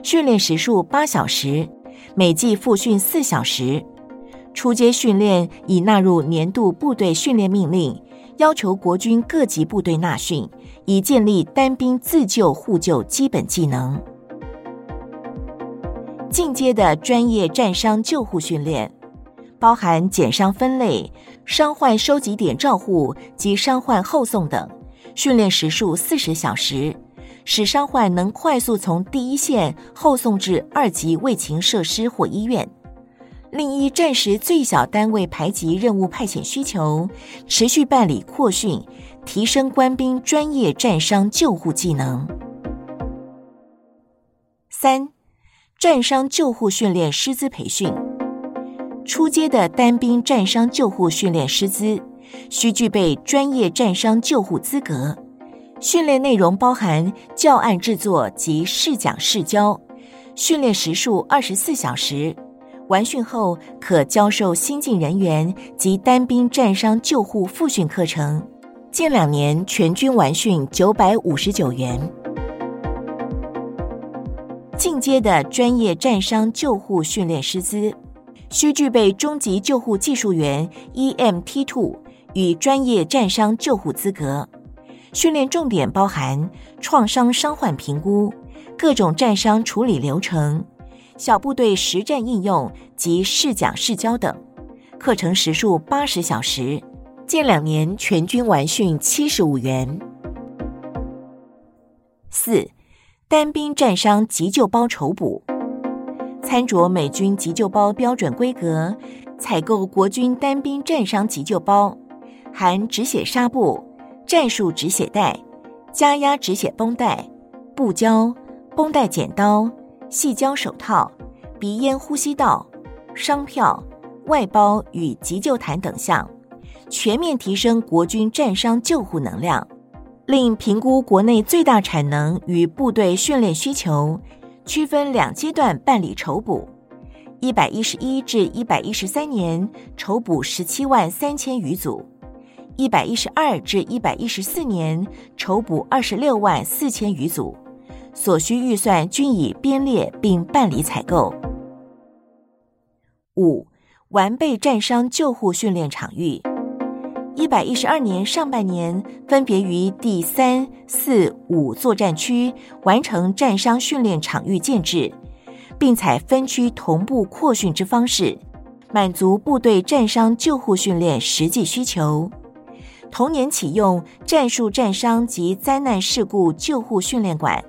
訓練時數八小時。每季複訓四小時，初階訓練已納入年度部隊訓練命令，要求國軍各級部隊納訓，以建立單兵自救互救基本技能。進階的專業戰傷救護訓練，包含檢傷分類、傷患收集點照護及傷患後送等，訓練時數四十小時。使傷患能快速從第一線後送至二級衛勤設施或醫院，另一戰時最小單位排級任務派遣需求，持續辦理擴訓，提升官兵專業戰傷救護技能。三、戰傷救護訓練師資培訓，初階的單兵戰傷救護訓練師資，需具備專業戰傷救護資格。訓練內容包含教案製作及試講試教，訓練時數二十四小時。完訓後可教授新進人員及單兵戰傷救護複訓課程。近兩年全軍完訓九百五十九員。進階的專業戰傷救護訓練師資，需具備中級救護技術員 （EMT Two） 與，與專業戰傷救護資格。訓練重點包含創傷傷患評估、各種戰傷處理流程、小部隊實戰應用及試講試教等。課程時數八十小時，近兩年全軍完訓七十五元。四、單兵戰傷急救包籌補，參照美軍急救包標準規格，採購國軍單兵戰傷急救包，含止血紗布。戰術止血帶、加壓止血繃帶、布膠、繃帶剪刀、細膠手套、鼻咽呼吸道、傷票、外包與急救毯等項，全面提升國軍戰傷救護能量。另評估國內最大產能與部隊訓練需求，區分兩階段辦理籌補。一百一十一至一百一十三年籌補十七萬三千餘組。一百一十二至一百一十四年，籌補二十六萬四千餘組，所需預算均已編列並辦理採購。五、完備戰傷救護訓練場域。一百一十二年上半年，分別於第三、四、五作戰區完成戰傷訓練場域建制，並採分區同步擴訓之方式，滿足部隊戰傷救護訓練實際需求。同年啟用戰術戰傷及災難事故救護訓練館，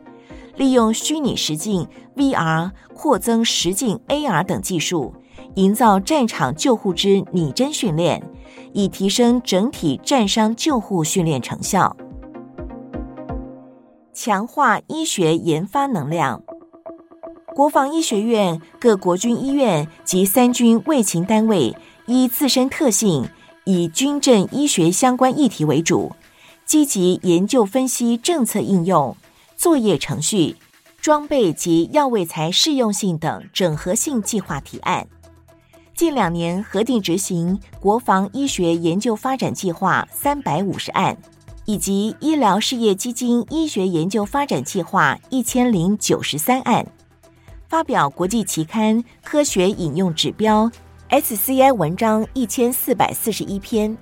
利用虛擬實境 VR、擴增實境 AR 等技術，營造戰場救護之擬真訓練，以提升整體戰傷救護訓練成效。強化醫學研發能量，國防醫學院、各國軍醫院及三軍衛勤單位依自身特性。以軍陣醫學相關議題為主，積極研究分析政策應用、作業程序、裝備及藥衛材適用性等整合性計劃提案。近兩年核定執行國防醫學研究發展計劃三百五十案，以及醫療事業基金醫學研究發展計劃一千零九十三案，發表國際期刊科學引用指標。SCI 文章一千四百四十一篇，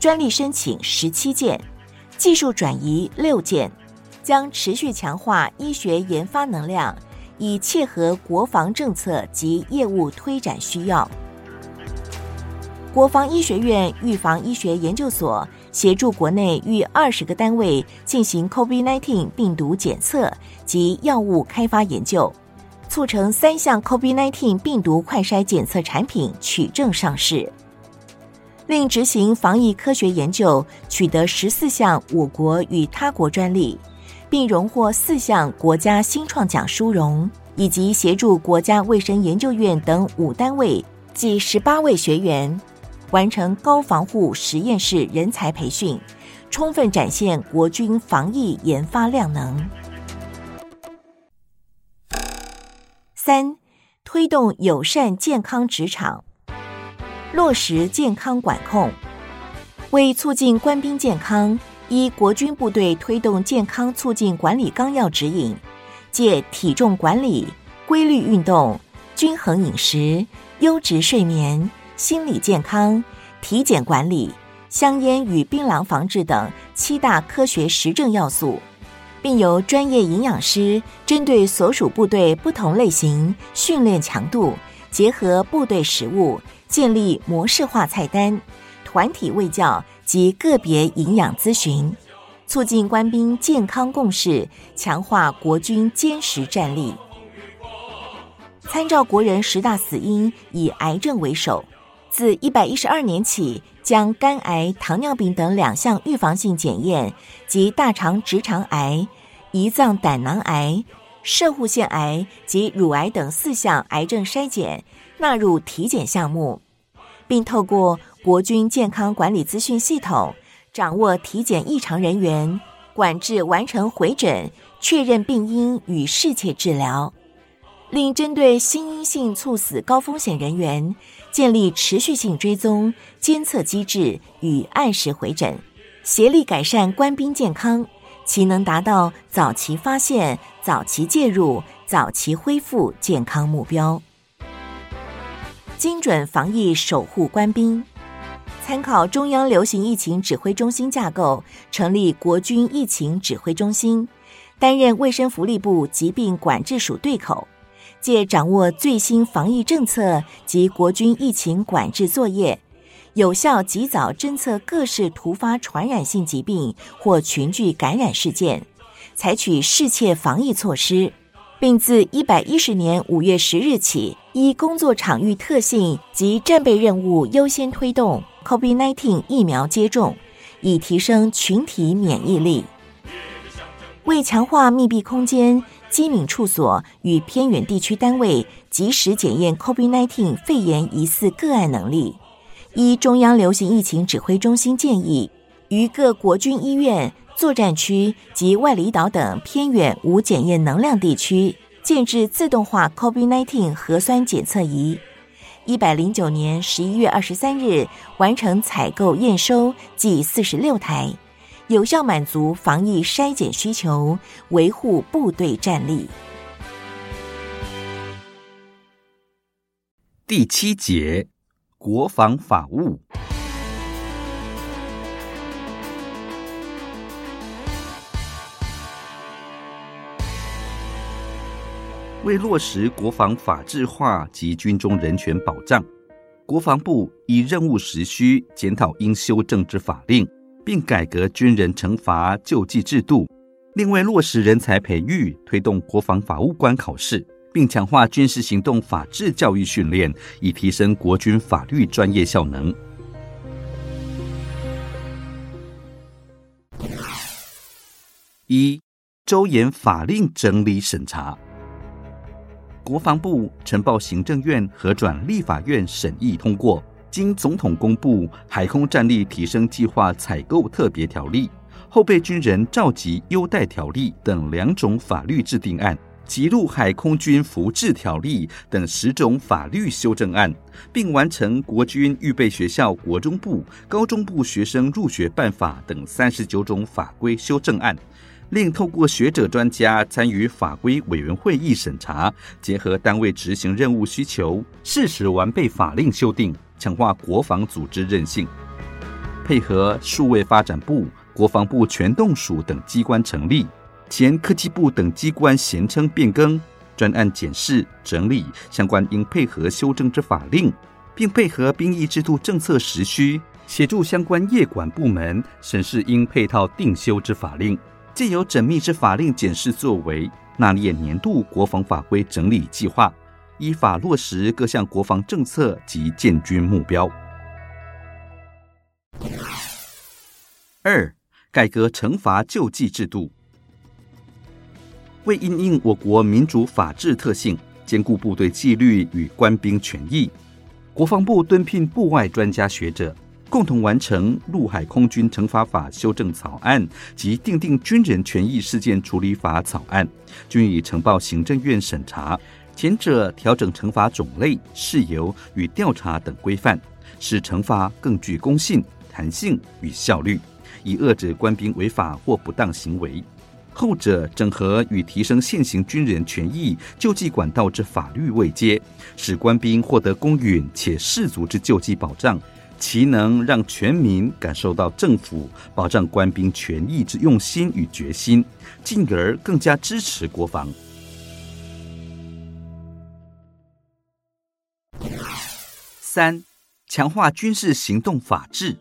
專利申請十七件，技術轉移六件，將持續強化醫學研發能量，以切合國防政策及業務推展需要。國防醫學院預防醫學研究所協助國內逾二十個單位進行 COVID-19 病毒檢測及藥物開發研究。促成三項 COVID-19 病毒快篩檢測產品取證上市，另執行防疫科學研究，取得十四項我國與他國專利，並榮獲四項國家新創獎殊榮，以及協助國家衛生研究院等五單位及十八位學員完成高防護實驗室人才培訓，充分展現國軍防疫研發量能。三、推動友善健康職場，落實健康管控。為促進官兵健康，依國軍部隊推動健康促進管理綱要指引，借體重管理、規律運動、均衡飲食、優質睡眠、心理健康、體檢管理、香菸與檳榔防治等七大科學實證要素。並由專業營養師針對所屬部隊不同類型訓練強度，結合部隊食物，建立模式化菜單、團體衛教及個別營養諮詢，促進官兵健康共事，強化國軍堅實戰力。參照國人十大死因，以癌症為首。自一百一十二年起，將肝癌、糖尿病等兩項預防性檢驗及大腸直腸癌、胰臟膽囊癌、攝護腺癌及乳癌等四項癌症篩檢納入體檢項目，並透過國軍健康管理資訊系統掌握體檢異常人員，管制完成回診，確認病因與適切治療。另針對心因性猝死高風險人員，建立持續性追蹤監測機制與按時回診，協力改善官兵健康，其能達到早期發現、早期介入、早期恢復健康目標。精準防疫守護官兵，參考中央流行疫情指揮中心架構，成立國軍疫情指揮中心，擔任衛生福利部疾病管制署對口。借掌握最新防疫政策及國軍疫情管制作業，有效及早偵測各式突發傳染性疾病或群聚感染事件，採取適切防疫措施，並自一百一十年五月十日起，依工作場域特性及戰備任務優先推動 COVID-19 疫苗接種，以提升群體免疫力。為強化密閉空間，基機敏處所與偏遠地區單位及時檢驗 COVID-19 肺炎疑似個案能力。依中央流行疫情指揮中心建議，於各國軍醫院、作戰區及外離島等偏遠無檢驗能量地區，建置自動化 COVID-19 核酸檢測儀。一百零九年十一月二十三日完成採購驗收，計四十六台。有效滿足防疫篩檢需求，維護部隊戰力。第七節，國防法務。為落實國防法制化及軍中人權保障，國防部依任務實需檢討應修正之法令。並改革軍人懲罰救濟制度，另外落實人才培育，推動國防法務官考試，並強化軍事行動法治教育訓練，以提升國軍法律專業效能。一、周延法令整理審查，國防部呈報行政院核轉立法院審議通過。經總統公布《海空戰力提升計劃採購特別條例》、《後備軍人召集優待條例》等兩種法律制定案，及《陸海空軍服制條例》等十種法律修正案，並完成《國軍預備學校國中部、高中部學生入學辦法》等三十九種法規修正案，另透過學者專家參與法規委員會議審查，結合單位執行任務需求，適時完備法令修訂。強化國防組織韌性，配合數位發展部、國防部全動署等機關成立，前科技部等機關銜稱變更，專案檢視整理相關應配合修正之法令，並配合兵役制度政策時需，協助相關業管部門審視應配套訂修之法令，藉由縝密之法令檢視作為，納列年，年度國防法規整理計劃。依法落實各項國防政策及建軍目標。二、改革懲罰救濟制度，為因應我國民主法治特性，兼顧部隊紀律與官兵權益，國防部敦聘部外專家學者，共同完成陸海空軍懲罰法修正草案及訂定軍人權益事件處理法草案，均已呈報行政院審查。前者調整懲罰種類、事由與調查等規範，使懲罰更具公信、彈性與效率，以遏制官兵違法或不當行為；後者整合與提升現行軍人權益救濟管道之法律位階，使官兵獲得公允且適足之救濟保障，其能讓全民感受到政府保障官兵權益之用心與決心，進而更加支持國防。三、強化軍事行動法治，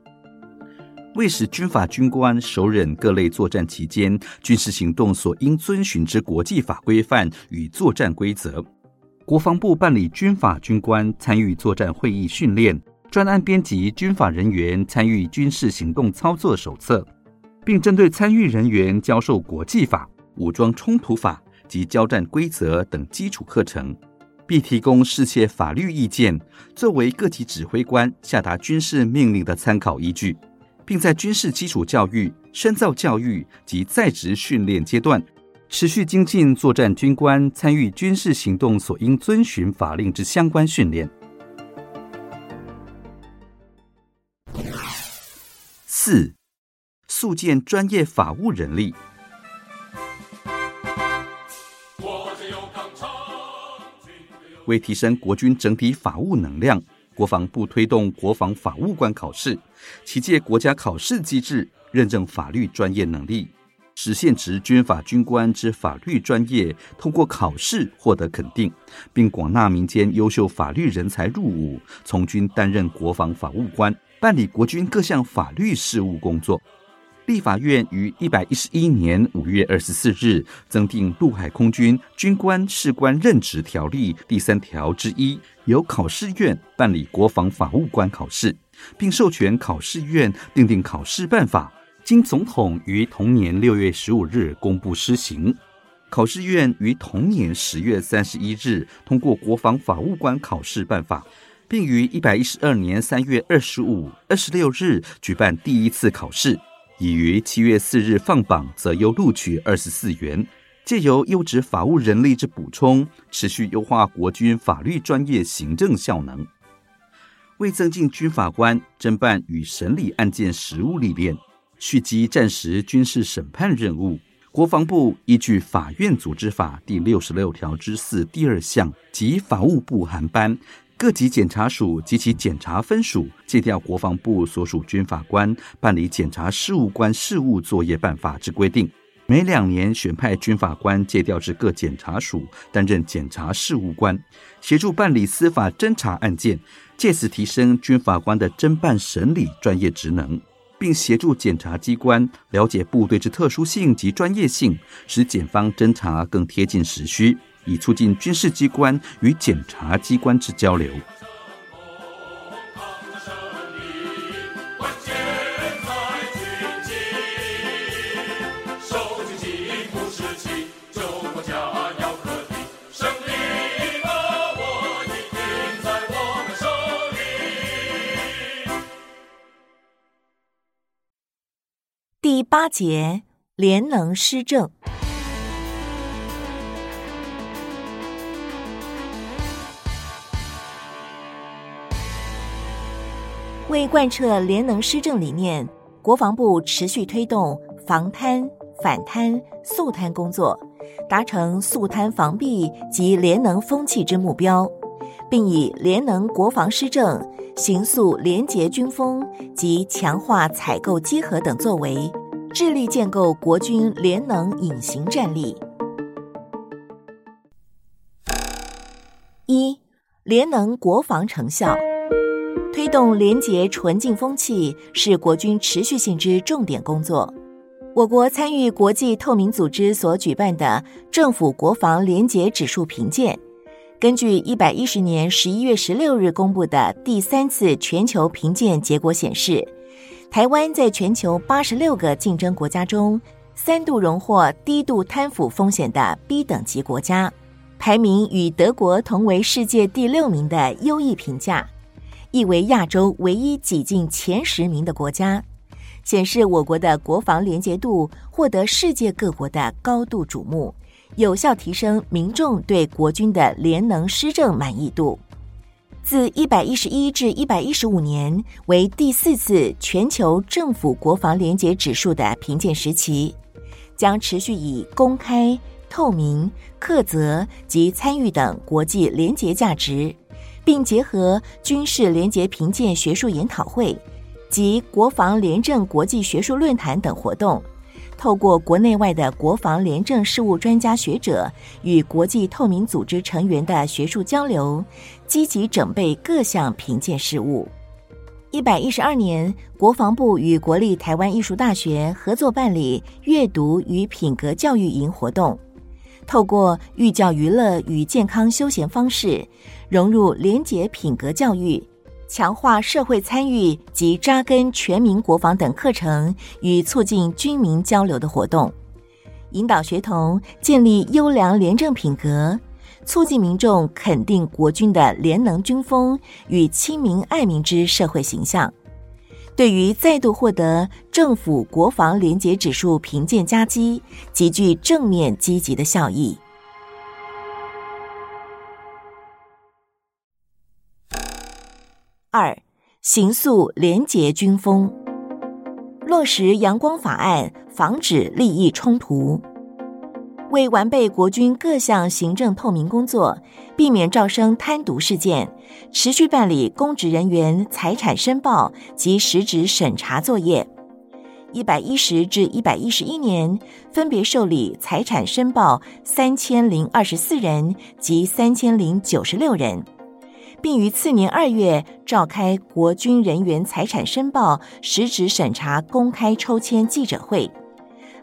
為使軍法軍官熟稔各類作戰期間軍事行動所應遵循之國際法規範與作戰規則，國防部辦理軍法軍官參與作戰會議訓練，專案編輯軍法人員參與軍事行動操作手冊，並針對參與人員教授國際法、武裝衝突法及交戰規則等基礎課程。並提供世界法律意見，作為各級指揮官下達軍事命令的參考依據，並在軍事基礎教育、深造教育及在職訓練階段，持續精進作戰軍官參與軍事行動所應遵循法令之相關訓練。四、速建專業法務人力。為提升國軍整體法務能量，國防部推動國防法務官考試，其借國家考試機制認證法律專業能力，實現職軍法軍官之法律專業通過考試獲得肯定，並廣納民間優秀法律人才入伍從軍擔任國防法務官，辦理國軍各項法律事務工作。立法院於一百一十一年五月二十四日增訂《陸海空軍軍官士官任職條例》第三條之一，由考試院辦理國防法務官考試，並授權考試院訂定考試辦法，經總統於同年六月十五日公布施行。考試院於同年十月三十一日通過《國防法務官考試辦法》，並於一百一十二年三月二十五、二十六日舉辦第一次考試。已於七月四日放榜，擇優錄取二十四員，借由優質法務人力之補充，持續優化國軍法律專業行政效能。為增進軍法官偵辦與審理案件實務歷練，蓄積戰時軍事審判任務，國防部依據《法院組織法》第六十六條之四第二項及法務部函頒。各級檢察署及其檢察分署借調國防部所屬軍法官辦理檢察事務官事務作業辦法之規定，每兩年選派軍法官借調至各檢察署擔任檢察事務官，協助辦理司法偵查案件，借此提升軍法官的偵辦審理專業職能，並協助檢察機關了解部隊之特殊性及專業性，使檢方偵查更貼近時需。以促，以促進軍事機關與檢察機關之交流。第八節，廉能施政。為貫徹廉能施政理念，國防部持續推動防貪、反貪、肅貪工作，達成肅貪防弊及廉能風氣之目標，並以廉能國防施政、形塑廉潔軍風及強化採購稽核等作為，致力建構國軍廉能隱形戰力。一、廉能國防成效。推動廉潔純淨風氣是國軍持續性之重點工作。我國參與國際透明組織所舉辦的政府國防廉潔指數評鑑，根據一百一十年十一月十六日公布的第三次全球評鑑結果顯示，臺灣在全球八十六個競爭國家中，三度榮獲低度貪腐風險的 B 等級國家，排名與德國同為世界第六名的優異評價。亦為亞洲唯一擠進前十名的國家，顯示我國的國防廉潔度獲得世界各國的高度矚目，有效提升民眾對國軍的廉能施政滿意度。自一百一十一至一百一十五年為第四次全球政府國防廉潔指數的評鑑時期，將持續以公開、透明、課責及參與等國際廉潔價值。並結合軍事廉潔評鑑學術研討會，及國防廉政國際學術論壇等活動，透過國內外的國防廉政事務專家學者與國際透明組織成員的學術交流，積極準備各項評鑑事務。一百一十二年，國防部與國立臺灣藝術大學合作辦理閱讀與品格教育營活動。透過寓教於樂與健康休閒方式，融入廉潔品格教育、強化社會參與及扎根全民國防等課程與促進軍民交流的活動，引導學童建立優良，良廉政品格，促進民眾肯定國軍的廉能軍風與親民愛民之社會形象。對於再度獲得政府國防廉潔指數評鑑佳績，極具正面積極的效益。二，形塑廉潔軍風，落實陽光法案，防止利益衝突。為完備國軍各項行政透明工作，避免招生貪瀆事件，持續辦理公職人員財產申報及實質審查作業。一百一十至一百一十一年分別受理財產申報三千零二十四人及三千零九十六人，並於次年二月召開國軍人員財產申報實質審查公開抽籤記者會。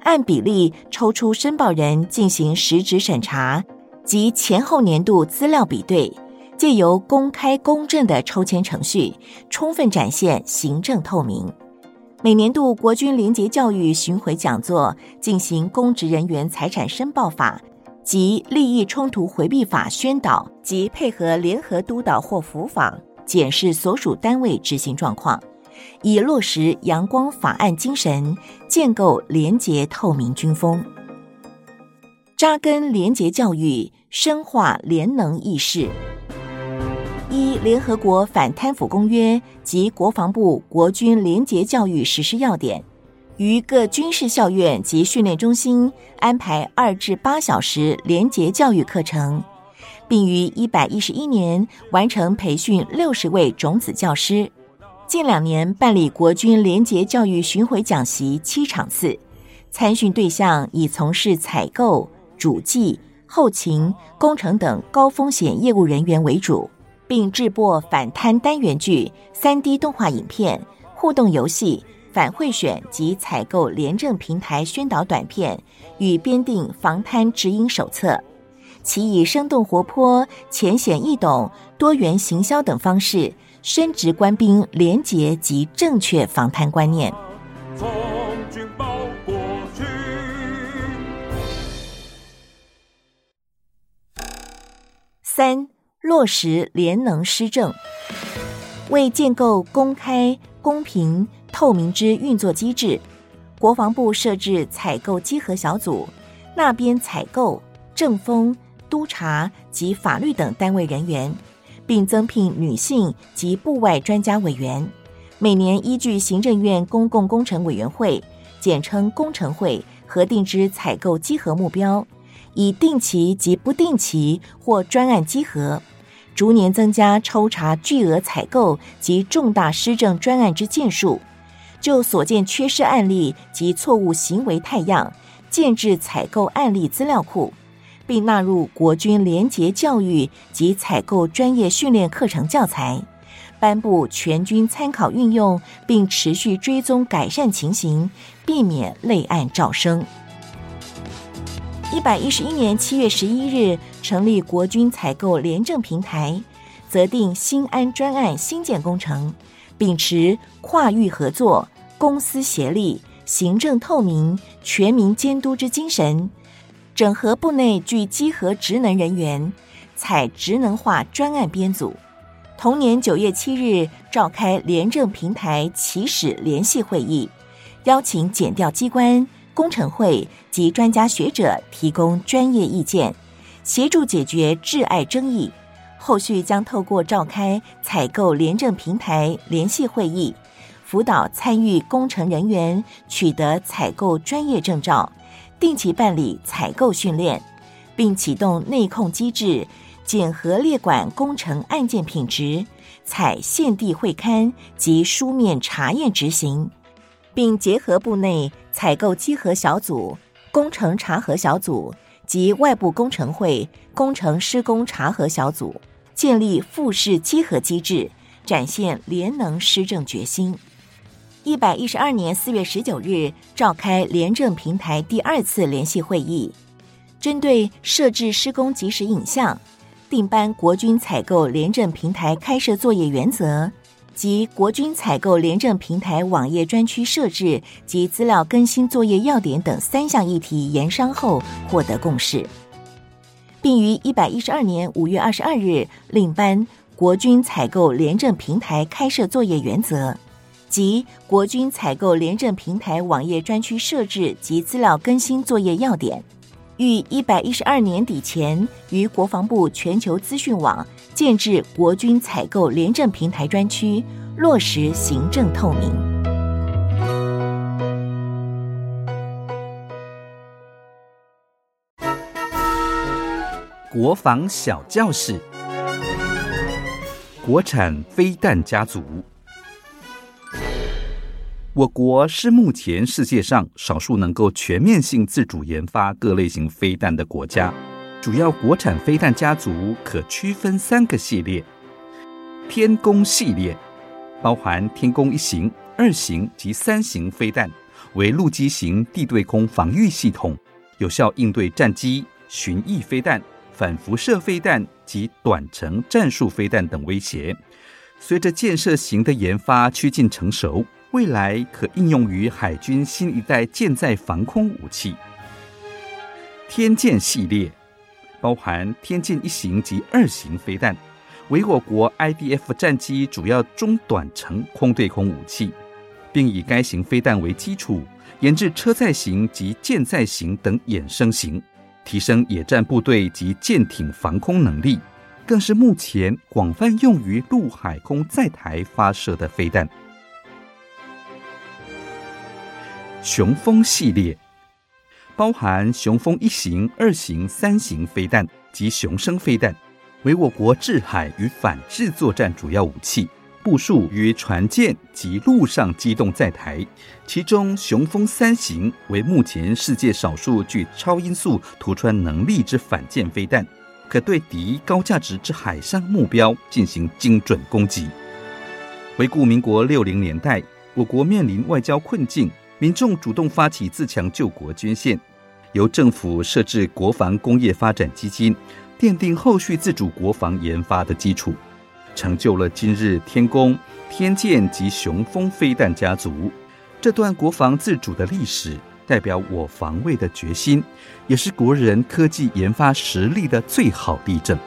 按比例抽出申報人進行實質審查及前後年度資料比對，借由公開公正的抽籤程序，充分展現行政透明。每年度國軍廉潔教育巡迴講座進行公職人員財產申報法及利益衝突迴避法宣導及配合聯合督導或輔訪檢視所屬單位執行狀況。以落實《陽光法案》精神，建構廉潔透明軍風，紮根廉潔教育，深化廉能意識。依《聯合國反貪腐公約》及國防部《國軍廉潔教育實施要點》，於各軍事校院及訓練中心安排二至八小時廉潔教育課程，並於一百一十一年完成培訓六十位種子教師。近兩年辦理國軍廉潔教育巡回講習七場次，參訓對象以從事採購、主計、後勤、工程等高風險業務人員為主，並製播反貪單元劇、3D 動畫影片、互動遊戲、反賄選及採購廉政平台宣導短片，與編訂防貪指引手冊，其以生動活潑、淺顯易懂、多元行銷等方式。深植官兵廉潔及正確防貪觀念。從軍報國三落實廉能施政，為建構公開、公平、透明之運作機制，國防部設置採購稽核小組，納編採購、政風、督察及法律等單位人員。並增聘女性及部外專家委員，每年依據行政院公共工程委員會（簡稱工程會）核定之採購稽核目標，以定期及不定期或專案稽核，逐年增加抽查巨額採購及重大施政專案之件數，就所見缺失案例及錯誤行為態樣，建置採購案例資料庫。並納入國軍廉潔教育及採購專業訓練課程教材，頒布全軍參考運用，並持續追蹤改善情形，避免類案招生。一百一十一年七月十一日，成立國軍採購廉政平台，責定興安專案新建工程，秉持跨域合作、公私協力、行政透明、全民監督之精神。整合部內聚集合職能人員，採職能化專案編組。同年九月七日召開廉政平台起始聯席會議，邀請檢調機關、工程會及專家學者提供專業意見，協助解決窒礙爭議。後續將透過召開採購廉政平台聯席會議，輔導參與工程人員取得採購專業證照。定期辦理採購訓練，並啟動內控機制，檢核列管工程案件品質，採現地會勘及書面查驗執行，並結合部內採購稽核小組、工程查核小組及外部工程會工程施工查核小組，建立複式稽核機制，展現廉能施政決心。一百一十二年四月十九日召開廉政平台第二次聯繫會議，針對設置施工即時影像、訂頒國軍採購廉政平台開設作業原則及國軍採購廉政平台網頁專區設置及資料更新作業要點等三項議題研商後獲得共識，並於一百一十二年五月二十二日另頒國軍採購廉政平台開設作業原則。即國軍採購廉政平台網頁專區設置及資料更新作業要點，於一百一十二年底前於國防部全球資訊網建置國軍採購廉政平台專區，落實行政透明。國防小教室，國產飛彈家族。我國是目前世界上少數能夠全面性自主研發各類型飛彈的國家。主要國產飛彈家族可區分三個系列：天弓系列，包含天弓一型、二型及三型飛彈，為陸基型地對空防禦系統，有效應對戰機、巡弋飛彈、反輻射飛彈及短程戰術飛彈等威脅。隨着艦射型的研發趨近成熟。未來可應用於海軍新一代艦載防空武器“天劍”系列，包含“天劍”一型及二型飛彈，為我國 IDF 戰機主要中短程空對空武器，並以該型飛彈為基礎，研制車載型及艦載型等衍生型，提升野戰部隊及艦艇防空能力。更是目前廣泛用於陸海空載台發射的飛彈。雄風系列包含雄風一型、二型、三型飛彈及雄升飛彈，為我國製海與反制作戰主要武器，部署於船艦及陸上機動載台。其中雄風三型為目前世界少數具超音速突穿能力之反艦飛彈，可對敵高價值之海上目標進行精準攻擊。回顧民國六零年代，我國面臨外交困境。民眾主動發起自強救國捐獻，由政府設置國防工業發展基金，奠定後續自主國防研發的基礎，成就了今日天弓、天劍及雄風飛彈家族。這段國防自主的歷史，代表我防衛的決心，也是國人科技研發實力的最好例證。